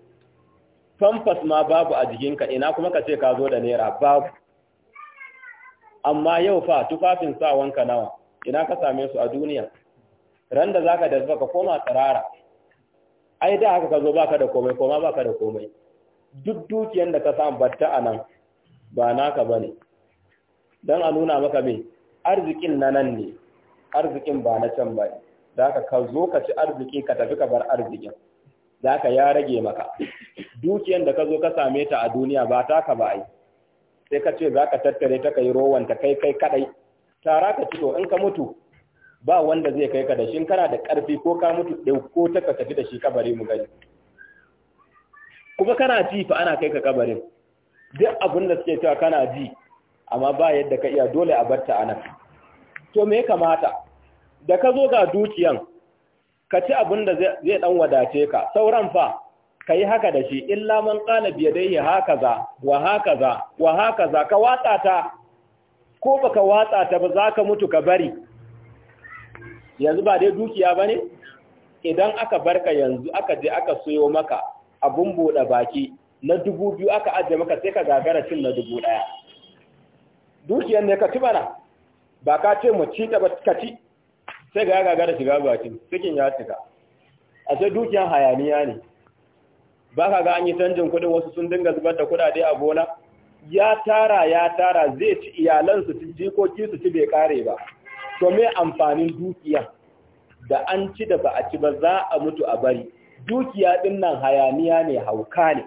Speaker 1: famfas ma babu a jikinka ina kuma ka ce ka zo da naira babu amma yau fa tufafin sawanka nawa ina ka same su a duniya ran da zaka da ka koma tsirara ai da haka ka zo baka da komai koma baka da komai duk dukiyan da ka samu batta a nan ba naka bane dan a nuna maka me arzikin na nan ne arzikin ba na can ba da ka zo ka ci arziki ka tafi ka bar arzikin da haka ya rage maka dukiyar da ka zo ka same ta a duniya ba ta ka ba ai sai ka ce za ka tattare ta kai rowan ta kai kai kadai tara ka ci to in ka mutu ba wanda zai kai ka da shi kana da karfi ko ka mutu ko ta tafi da shi kabari mu gani kuma kana ji fa ana kai ka kabarin duk abin da suke cewa kana ji amma ba yadda ka iya dole a barta ana to me kamata da ka zo ga dukiyan ka ci abin da zai dan wadace ka sauran fa ka yi haka da shi illa man qala bi yadayhi hakaza wa hakaza wa hakaza ka watsa ta ko baka watsa ta ba zaka mutu ka bari yanzu ba dai dukiya ba ne idan aka barka yanzu aka je aka soyo maka abun buɗe baki na dubu biyu aka ajiye maka sai ka gagara cin na dubu ɗaya dukiyar ne ka ci bana ba ka ce mu ci ta ka ci sai ga gagara shiga bakin cikin ya cika a sai dukiyar hayaniya ne ba ka ga an yi canjin kuɗin wasu sun dinga zubar da kuɗaɗe a gona ya tara ya tara zai ci iyalansu ci jikoki su ci bai kare ba to amfanin dukiya da an ci da ba a ci ba za a mutu a bari dukiya din nan hayaniya ne hauka ne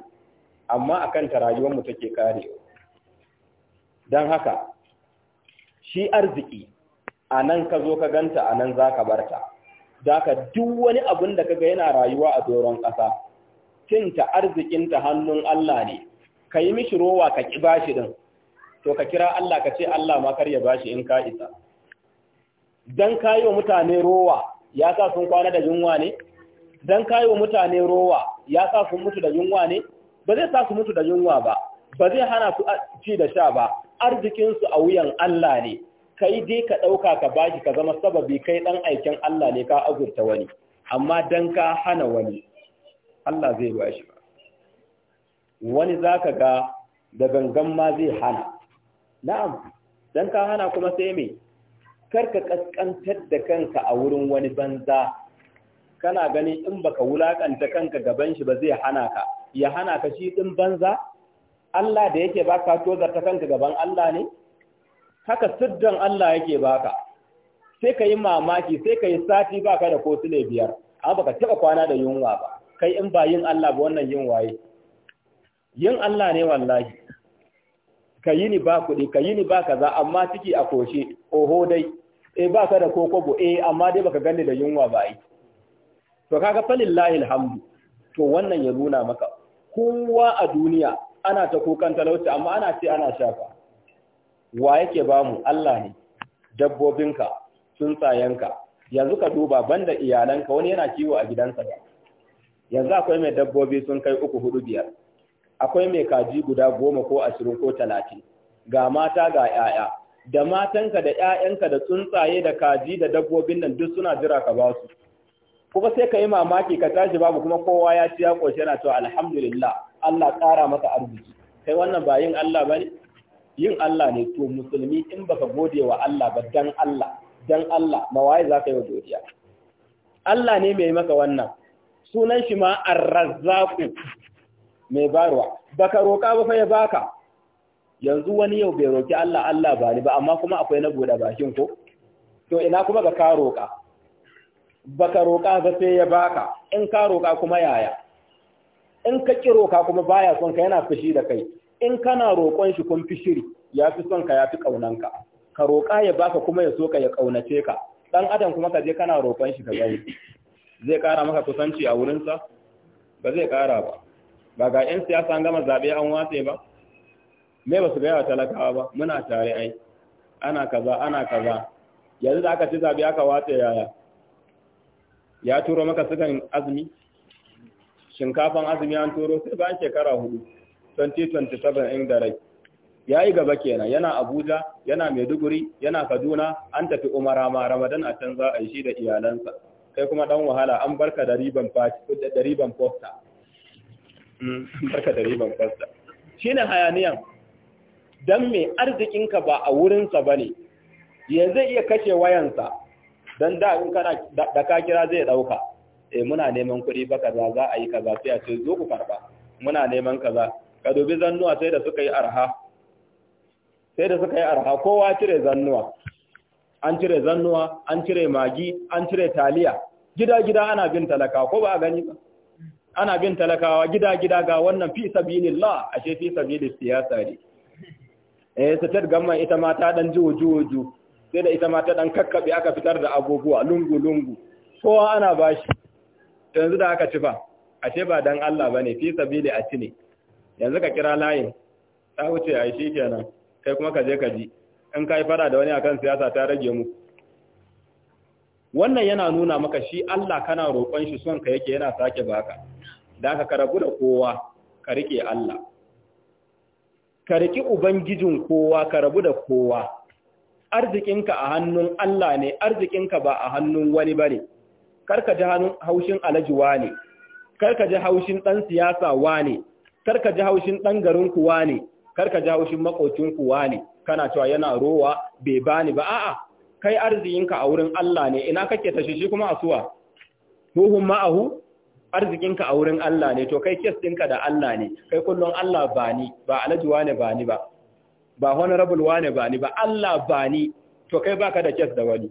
Speaker 1: amma akan kanta rayuwar mu take kare. don haka shi arziki a nan ka zo ka ganta a nan za ka barta da ka duk wani abin da kaga yana rayuwa a doron ƙasa cinta arzikinta hannun Allah ne ka yi mishi rowa ka ƙi bashi din to ka kira Allah ka ce Allah ma kar ya bashi in ka isa dan kayo wa mutane rowa ya sa sun kwana da yunwa ne dan kayo wa mutane rowa ya sa sun mutu da yunwa ne ba zai sa su mutu da yunwa ba ba zai hana su ci da sha ba arzikinsu a wuyan Allah ne kai dai ka ɗauka ka baki ka zama sababi kai ɗan aikin Allah ne ka azurta wani amma dan ka hana wani Allah zai ba shi ba wani zaka ga da gangan ma zai hana na'am dan ka hana kuma sai me karka kaskantar da kanka a wurin wani banza kana ganin in baka wulakanta kanka gaban shi ba zai hana ka ya hana ka shi din banza Allah da yake baka tozarta kanka gaban Allah ne haka siddan Allah yake baka sai ka yi mamaki sai ka yi sati baka da kotule biyar amma baka taba kwana da yunwa ba kai in ba yin Allah ba wannan yin waye yin Allah ne wallahi ka yi ni ba kuɗi ka yi ni ba kaza amma ciki a koshe oho dai eh ba ka da kokobo eh amma dai baka gani da yunwa ba ai to kaga falillahi alhamdu to wannan ya nuna maka kowa a duniya ana ta kokan talauci amma ana ce ana shafa wa yake bamu Allah ne dabbobinka tsuntsayenka yanzu ka duba banda iyalanka wani yana kiwo a gidansa ba yanzu akwai mai dabbobi sun kai uku hudu biyar akwai mai kaji guda goma ko ashirin ko talatin ga mata ga 'ya'ya da matanka da ‘ya'yanka da tsuntsaye da kaji da dabbobin nan duk suna jira ka ba su. Kuma sai ka yi mamaki ka tashi babu kuma kowa ya ci ya ƙoshi yana cewa alhamdulillah Allah ƙara masa arziki. Kai wannan ba yin Allah ba ne? Yin Allah ne to musulmi in baka gode wa Allah ba dan Allah, dan Allah mawaye za ka yi wa godiya. Allah ne mai maka wannan. Sunan shi ma arrazzaku mai barwa. Baka roƙa ba fa ya baka. yanzu wani yau bai roki Allah Allah ba ni ba amma kuma akwai na buɗe bakin ko to ina kuma ga ka roka ka roka ba sai ya baka in ka roka kuma yaya in ka ki roka kuma baya son ka yana fushi da kai in kana roƙon shi kun fi shiri ya fi son ka ya fi ƙaunanka ka roƙa ya baka kuma ya so ka ya ƙaunace ka dan adam kuma ka je kana roƙon shi ka gani zai ƙara maka kusanci a wurinsa ba zai ƙara ba ba ga 'yan siyasa an gama zaɓe an watse ba me ba su gaya wa talakawa ba muna tare ai ana kaza ana kaza yanzu da aka ci zabi aka watsa yaya ya turo maka sukan azumi shinkafan azumi an turo sai bayan shekara hudu 2027 in rai ya yi gaba kenan yana abuja yana maiduguri yana kaduna an tafi umara ma ramadan a can za a yi shi da iyalansa kai kuma dan wahala an barka da riban da riban posta
Speaker 2: mm, barka da
Speaker 1: riban posta shine hayaniyan don mai arzikinka ba a wurinsa ba ne yanzu iya kashe wayansa don da in kana da ka kira zai ɗauka eh muna neman kuɗi ba kaza za a yi kaza sai a ce zo ku karba muna neman kaza ka dubi zannuwa sai da suka yi arha sai da suka yi arha kowa cire zannuwa an cire zannuwa an cire magi an cire taliya gida-gida ana bin talakawa ko ba a gani ba ana bin talakawa gida-gida ga wannan fi sabilillah ashe fi sabilis siyasa ne eh state gamman ita ma ta dan juwo juwo sai da ita ma ta dan kakkabe aka fitar da abubuwa lungu lungu kowa ana bashi yanzu da aka ci ba ashe ba dan Allah bane fi sabili a ci yanzu ka kira layin ta wuce ai kenan kai kuma ka je ka ji in kai fara da wani akan siyasa ta rage mu wannan yana nuna maka shi Allah kana roƙon shi son ka yake yana sake baka da ka karabu da kowa ka rike Allah ka riƙi ubangijin kowa ka rabu da kowa arzikinka a hannun Allah ne arzikinka ba a hannun wani ba bane karka ji haushin alajuwa ne karka ji haushin ɗan siyasa wane karka ji haushin ɗan garinku wane karka ji haushin makocinku wane kana cewa yana rowa bai bani ba a'a kai arzikinka a wurin Allah ne ina kake tashi shi kuma asuwa ruhun ma'ahu arzikinka a wurin Allah ne to kai kes ɗinka da Allah ne kai kullum Allah ba ni ba alhaji wane ba ni ba ba honorable wane ba ni ba Allah ba ni to kai baka da kes da wani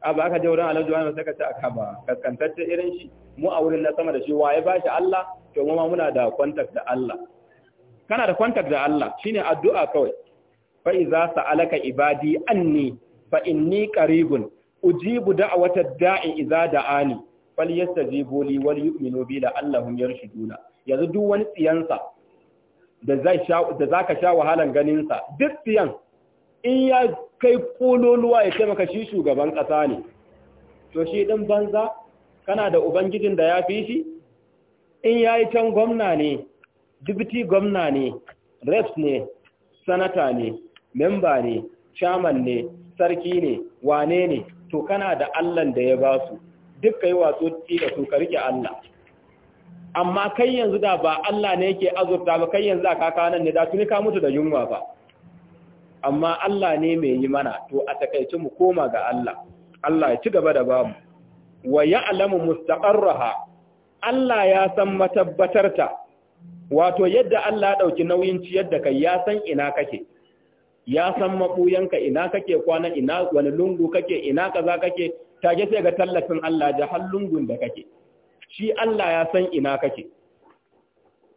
Speaker 1: a ba ka je wurin alhaji sai ka ce aka ba kaskantacce irin shi mu a wurin na sama da shi waye ba shi Allah to mu ma muna da contact da Allah kana da contact da Allah shine addu'a kawai fa iza sa'alaka ibadi anni fa inni qaribun ujibu da'wata da'i iza da'ani fal yastajibu li wal yu'minu bi la'allahum yarshuduna yanzu duk wani tsiyansa da zai sha da zaka sha wahalan ganin sa duk tsiyan in ya kai kololuwa ya taimaka shi shugaban kasa ne to shi din banza kana da ubangijin da ya fi shi in yayi can gwamna ne deputy gwamna ne reps ne sanata ne memba ne chairman ne sarki ne wane ne to kana da Allah da ya ba su duk yi wato da su ka rike Allah amma kai yanzu da ba Allah ne yake azurta ba kai yanzu ka nan ne da tuni ka mutu da yunwa ba amma Allah ne mai yi mana to a takaice mu koma ga Allah Allah ya ci gaba da bamu wa ya'lamu mustaqarraha Allah ya san matabbatarta wato yadda Allah ya dauki nauyin ciyar da kai ya san ina kake ya san mabuyanka ina kake kwana ina wani lungu kake ina kaza kake tage sai ga tallafin Allah da lungun da kake shi Allah ya san ina kake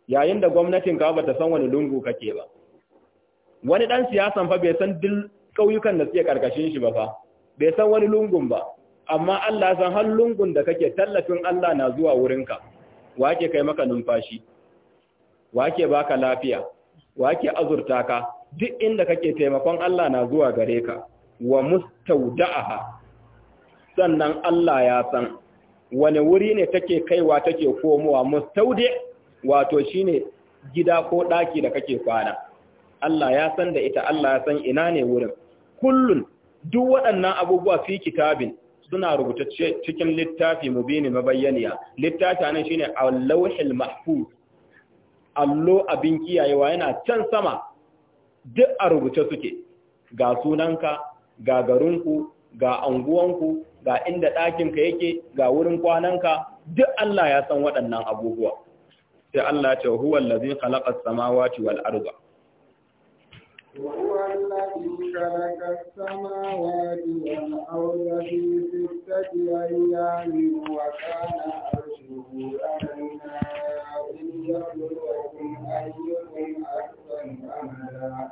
Speaker 1: yayin da gwamnatin ka ba ta san wani lungu kake ba wani dan siyasan fa bai san dil kauyukan da suke karkashin shi ba fa bai san wani lungun ba amma Allah ya san har da kake tallafin Allah na zuwa wurinka wake kai maka numfashi wake baka lafiya wake azurta ka duk inda kake taimakon Allah na zuwa gare ka wa mustawda'aha sannan Allah ya san wani wuri ne take kaiwa take komowa mustaude wato shine gida ko daki da kake kwana Allah ya san da ita Allah ya san ina ne wurin kullun duk waɗannan abubuwa fi kitabin suna rubuta cikin littafi mubini mabayyaniya littafi nan shine al-lawhil mahfuz allo abin kiyayewa yana can sama duk a rubuta suke ga sunanka ga garinku ga anguwanku ga inda ɗakinka yake ga wurin kwananka duk Allah ya san waɗannan abubuwa sai Allah ce huwa allazi khalaqa samawati wal arda
Speaker 2: huwa allazi khalaqa samawati wal arda fi sittati ayyamin wa kana arshuhu ana inna yawma yakum ayyukum ahsanu amala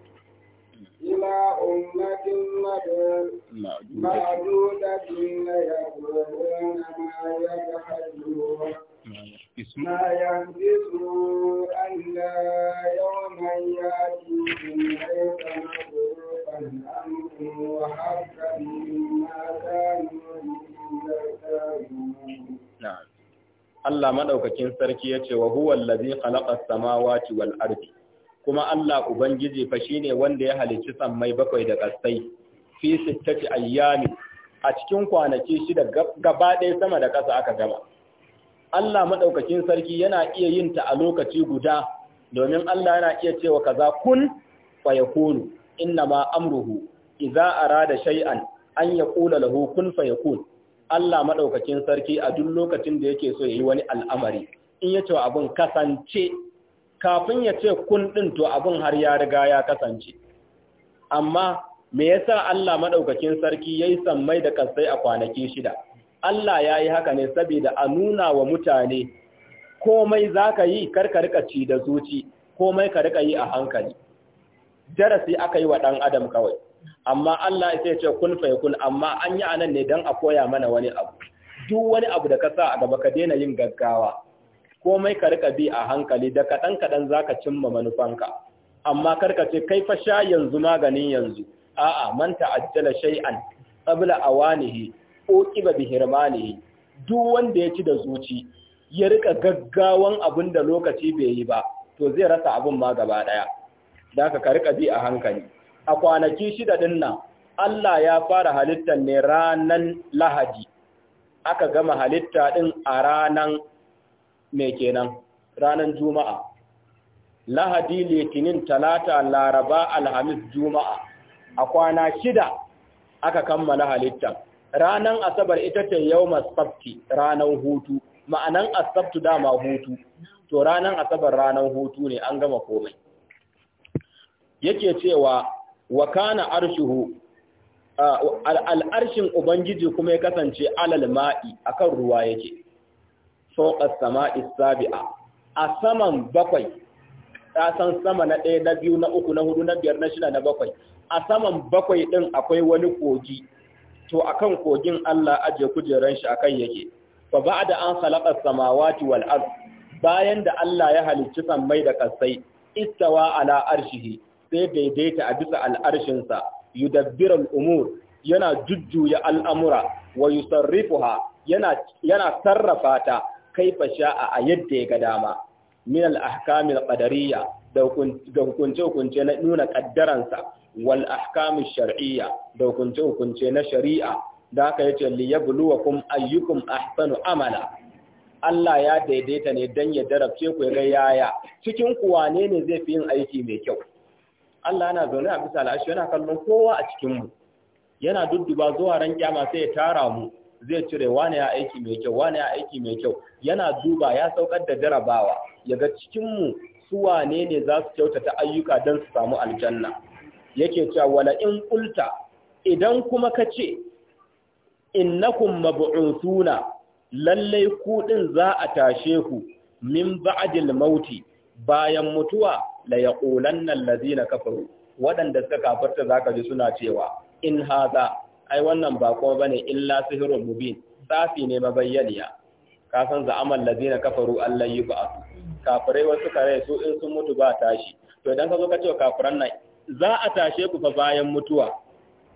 Speaker 2: إلى أمة معدودة يقولون ما يجحدون ما يحدثوا ألا يوما يأتيهم ليس مصروفا عنهم وحقا مما كانوا
Speaker 1: نعم الله مدوكاكين سركي يتي وهو الذي خلق السماوات والأرض kuma Allah Ubangiji fa ne wanda ya halicci sammai bakwai da ƙasai fi sittati ayyami a cikin kwanaki shida gaba ɗaya sama da ƙasa aka gama Allah Maɗaukacin sarki yana iya yin ta a lokaci guda domin Allah yana iya cewa kaza kun fa kunu, inna ma amruhu idza rada shai'an, an ƙula lahu kun fa Allah Maɗaukacin sarki a duk lokacin da yake so ya yi wani al'amari in ya ce abin kasance kafin ya ce kun ɗin to abin har ya riga ya kasance amma me yasa Allah maɗaukakin sarki ya yayi sammai da ƙasai a kwanaki shida Allah ya yi haka ne saboda a nuna wa mutane komai za ka yi karkarka rika ci da zuci komai ka rika yi a hankali darasi aka yi wa ɗan adam kawai amma Allah sai ya ce kun fai kun amma an yi a nan ne don a koya mana wani abu duk wani abu da ka sa a gaba ka daina yin gaggawa komai ka rika bi a hankali da kaɗan kaɗan za ka cimma manufanka amma karka ce kai fa sha yanzu maganin yanzu a'a manta ajjala shay'an qabla awanihi uqiba bi hirmanihi duk wanda ya ci da zuci ya rika gaggawan abin da lokaci bai yi ba to zai rasa abin ma gaba daya da ka rika bi a hankali a kwanaki shida din nan Allah ya fara halittar ne ranan Lahadi aka gama halitta din a ranan mai kenan ranar juma'a lahadi litinin talata laraba alhamis juma'a a kwana shida aka kammala halittar ranar asabar ita ce yau tsafti ranar hutu ma'anan asabtu dama hutu to ranar asabar ranar hutu ne an gama komai yake cewa wa kana arshuhu al'arshin ubangiji kuma ya kasance alal ma'i akan ruwa yake fawqa sama sabi'a a saman bakwai ta san sama na ɗaya na biyu na uku na hudu na biyar na shida na bakwai a saman bakwai ɗin akwai wani kogi to akan kogin Allah ajiye kujeran shi akan yake fa ba'da an khalaqa samawati wal ard bayan da Allah ya halicci sammai da kasai istawa ala arshihi sai daidaita a bisa al'arshin sa yudabbiru umur yana jujjuya al'amura wa yusarrifuha yana yana sarrafa ta kaifa sha'a a yadda ya ga dama min al-ahkamil qadariyya da hukunce hukunce na nuna kaddaransa wal ahkamish shar'iyya da hukunce hukunce na shari'a da aka yace li yabluwakum ayyukum ahsanu amala Allah ya daidaita ne dan ya darabce ku ga yaya cikin ku wane ne zai fi yin aiki mai kyau Allah yana zaune a bisa al'ashi yana kallon kowa a cikin mu yana dudduba zuwa ran kiyama sai ya tara mu zai cire wane ya aiki mai kyau wane ya aiki mai kyau yana duba ya saukar da jarabawa yaga cikin mu su wane ne za su kyautata ayyuka don su samu aljanna yake cewa wala in qulta idan kuma kace innakum mab'uthuna lalle lallai kuɗin za a tashe ku min ba'dil mauti bayan mutuwa la yaqulanna allazina kafaru waɗanda suka kafarta zaka ji suna cewa in haza ai wannan ba kuma bane illa sihirun mubin safi ne mabayyaniya ka san za amal ladina kafaru Allah yi ba kafirai wasu kare su in sun mutu ba tashi to idan ka zo ka ce kafiran nan za a tashe ku fa bayan mutuwa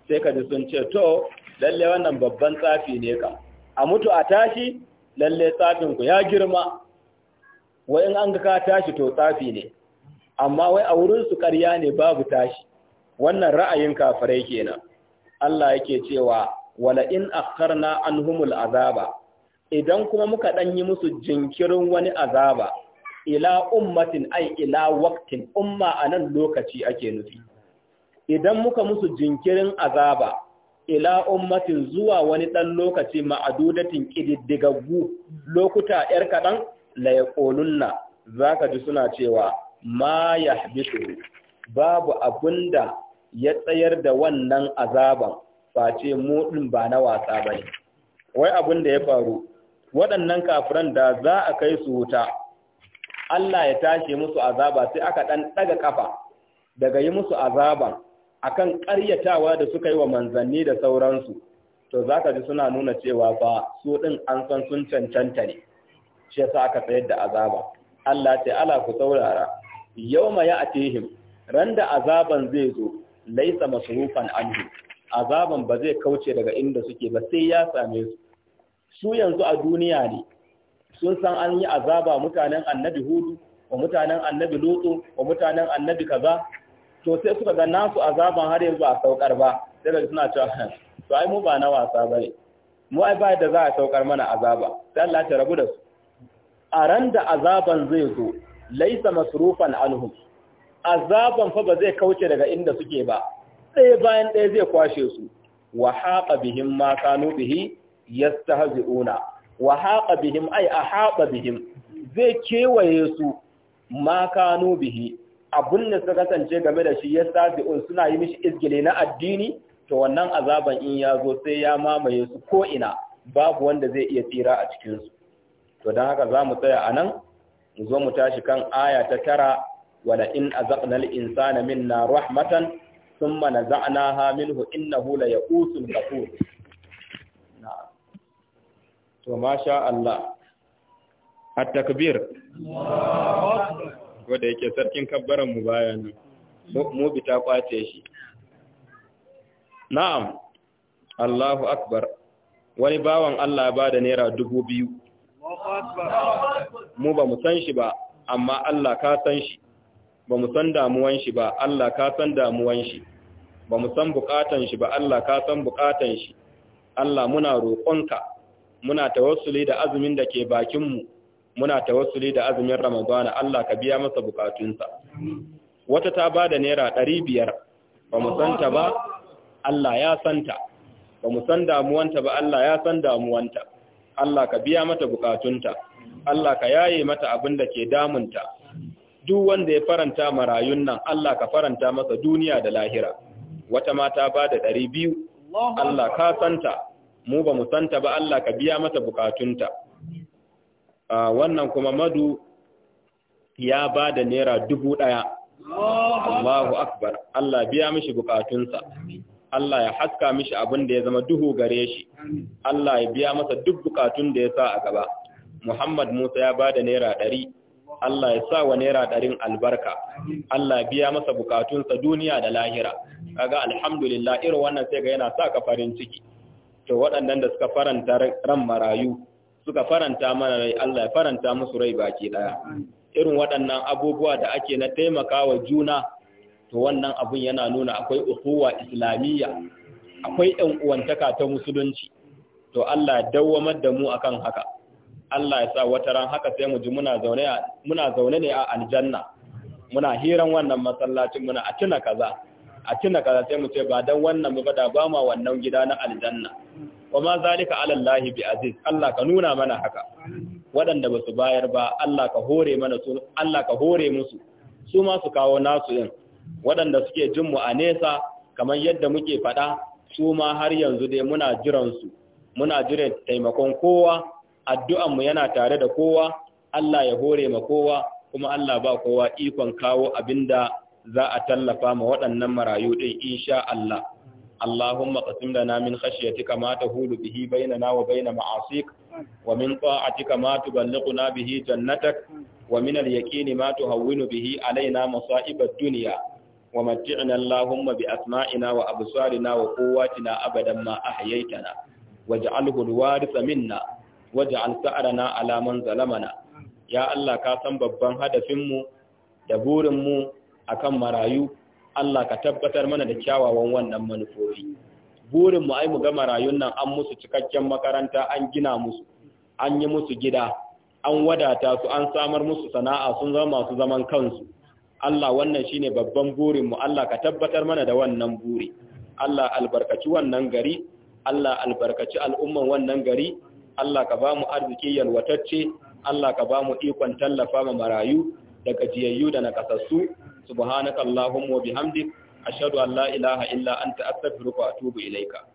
Speaker 1: sai ka ji sun ce to lalle wannan babban tsafi ne ka a mutu a tashi lalle tsafin ku ya girma wai in an ga ka tashi to tsafi ne amma wai a wurin su ƙarya ne babu tashi wannan ra'ayin kafirai kenan Allah yake cewa wala in akharna anhumul azaba idan kuma muka dan yi musu jinkirin wani azaba ila ummatin ai ila waqtin umma anan lokaci ake nufi idan muka musu jinkirin azaba ila ummatin zuwa wani dan lokaci ma'adudatin kididdigaggu lokuta yar kadan la yaqulunna zaka ji suna cewa ma yahbisu babu abunda ya tsayar da wannan azaban face mu din ba na wasa ba ne wai abin da ya faru waɗannan kafiran da za a kai su wuta Allah ya tashi musu azaba sai aka dan daga kafa daga yi musu azaban akan ƙaryatawa da suka yi wa manzanni da sauransu to za ka ji suna nuna cewa ba su ɗin an san sun cancanta ne shi yasa aka tsayar da azaba Allah ce ala ku saurara yau ma ya atihim azaban zai zo laisa masrufan anhu azaban ba zai kauce daga inda suke ba sai ya same su su yanzu a duniya ne sun san an yi azaba mutanen annabi hudu wa mutanen annabi lutu wa mutanen annabi kaza to sai suka ga nasu azaban har yanzu a saukar ba sai da suna cewa to ai mu ba na wasa ne mu ai ba da za a saukar mana azaba sai Allah ya rabu da su a ran da azaban zai zo laisa masrufan anhum azaban fa ba zai kauce daga inda suke ba ɗaya bayan ɗaya zai kwashe su wa haqa bihim ma kanu bihi yastahzi'una wa haqa bihim ay ahata bihim zai kewaye su ma kanu bihi abun da suka kasance game da shi yastahzi'un suna yi mishi izgile na addini to wannan azaban in ya zo sai ya mamaye su ko ina babu wanda zai iya tsira a cikin su to don haka za mu tsaya a nan mu zo mu tashi kan aya ta tara wala in azaqna al-insana minna rahmatan thumma naza'naha minhu innahu la yaqutul kafur to masha Allah takbir yake sarkin kabbaran mu bayan mu bi ta kwace shi na'am Allahu akbar wani bawan Allah ya bada naira dubu biyu mu ba mu san shi ba amma Allah ka san shi ba mu san damuwan shi ba Allah ka san damuwan shi ba mu san bukatan shi ba Allah ka san bukatan shi Allah muna roƙonka muna tawassuli da azumin da ke bakinmu muna tawassuli da azumin Ramadan Allah ka biya masa bukatunsa wata ta ba da naira 500 biyar ba mu san ta ba Allah ya san ta. ba mu san damuwan ta ba Allah ya san damuwan ta. Allah ka biya mata bukatunta Allah ka yaye mata abin da ke damunta duk wanda ya faranta marayun nan Allah ka faranta masa duniya da lahira wata mata ba da ɗari biyu Allah ka santa mu ba mu santa ba Allah ka biya mata bukatunta wannan kuma madu ya ba da naira dubu ɗaya Allahu akbar Allah biya mishi bukatunsa Allah ya haska mishi abin da ya zama duhu gare shi Allah ya biya masa duk bukatun da ya sa a gaba Muhammad Musa ya ba da naira ɗari Allah ya sa wa naira ɗarin albarka Allah biya masa bukatunsa duniya da lahira kaga alhamdulillah irin wannan sai ga yana sa ka farin ciki to waɗannan da suka faranta ran marayu suka faranta mana rai Allah ya faranta musu rai baki ɗaya. irin waɗannan abubuwa da ake na taimakawa juna to wannan abun yana nuna akwai ukuwa islamiyya akwai ɗan uwantaka ta musulunci to Allah ya dawwamar da mu akan haka Allah ya sa wata ran haka sai mu ji muna zaune muna zaune ne a aljanna muna hiran wannan masallacin muna a tuna kaza a tuna kaza sai mu ce ba dan wannan mu da ba ma wannan gida na aljanna wa ma zalika ala llahi bi aziz Allah ka nuna mana haka waɗanda ba su bayar ba Allah ka hore mana su Allah ka hore musu su ma su kawo nasu yin waɗanda suke jin mu a nesa kamar yadda muke faɗa su ma har yanzu dai muna jiran su muna jiran taimakon kowa addu’anmu yana tare da kowa, Allah ya hore ma kowa, kuma Allah ba kowa ikon kawo abin da za a tallafa ma waɗannan marayu ɗin, insha Allah. Allahumma ƙasim na min khashiyati kama ta hulu bihi bayna na wa ma'asik wa min ta'ati kama tu ballighuna bihi jannatak wa min al-yaqini ma tuhawwinu bihi alaina masa'ib duniya. dunya wa mat'ina Allahumma bi asma'ina wa absarina wa quwwatina abadan ma ahyaytana waj'alhu al-waritha minna waj'al sa'rana ala alaman zalamana ya Allah ka san babban hadafin mu da burin mu akan marayu Allah ka tabbatar mana da kyawawan wannan manufofi burin mu ai mu ga marayun nan an musu cikakken makaranta an gina musu an yi musu gida an wadata su an samar musu sana'a sun zama masu zaman kansu Allah wannan shine babban burin mu Allah ka tabbatar mana da wannan buri Allah albarkaci wannan gari Allah albarkaci al'umman wannan gari Allah ka ba mu arziki yalwatacce Allah ka ba mu ikon tallafa ma marayu daga jiyayyu da nakasassu subhanakallahumma wa bihamdik ashhadu an la ilaha illa anta astaghfiruka wa atubu ilaika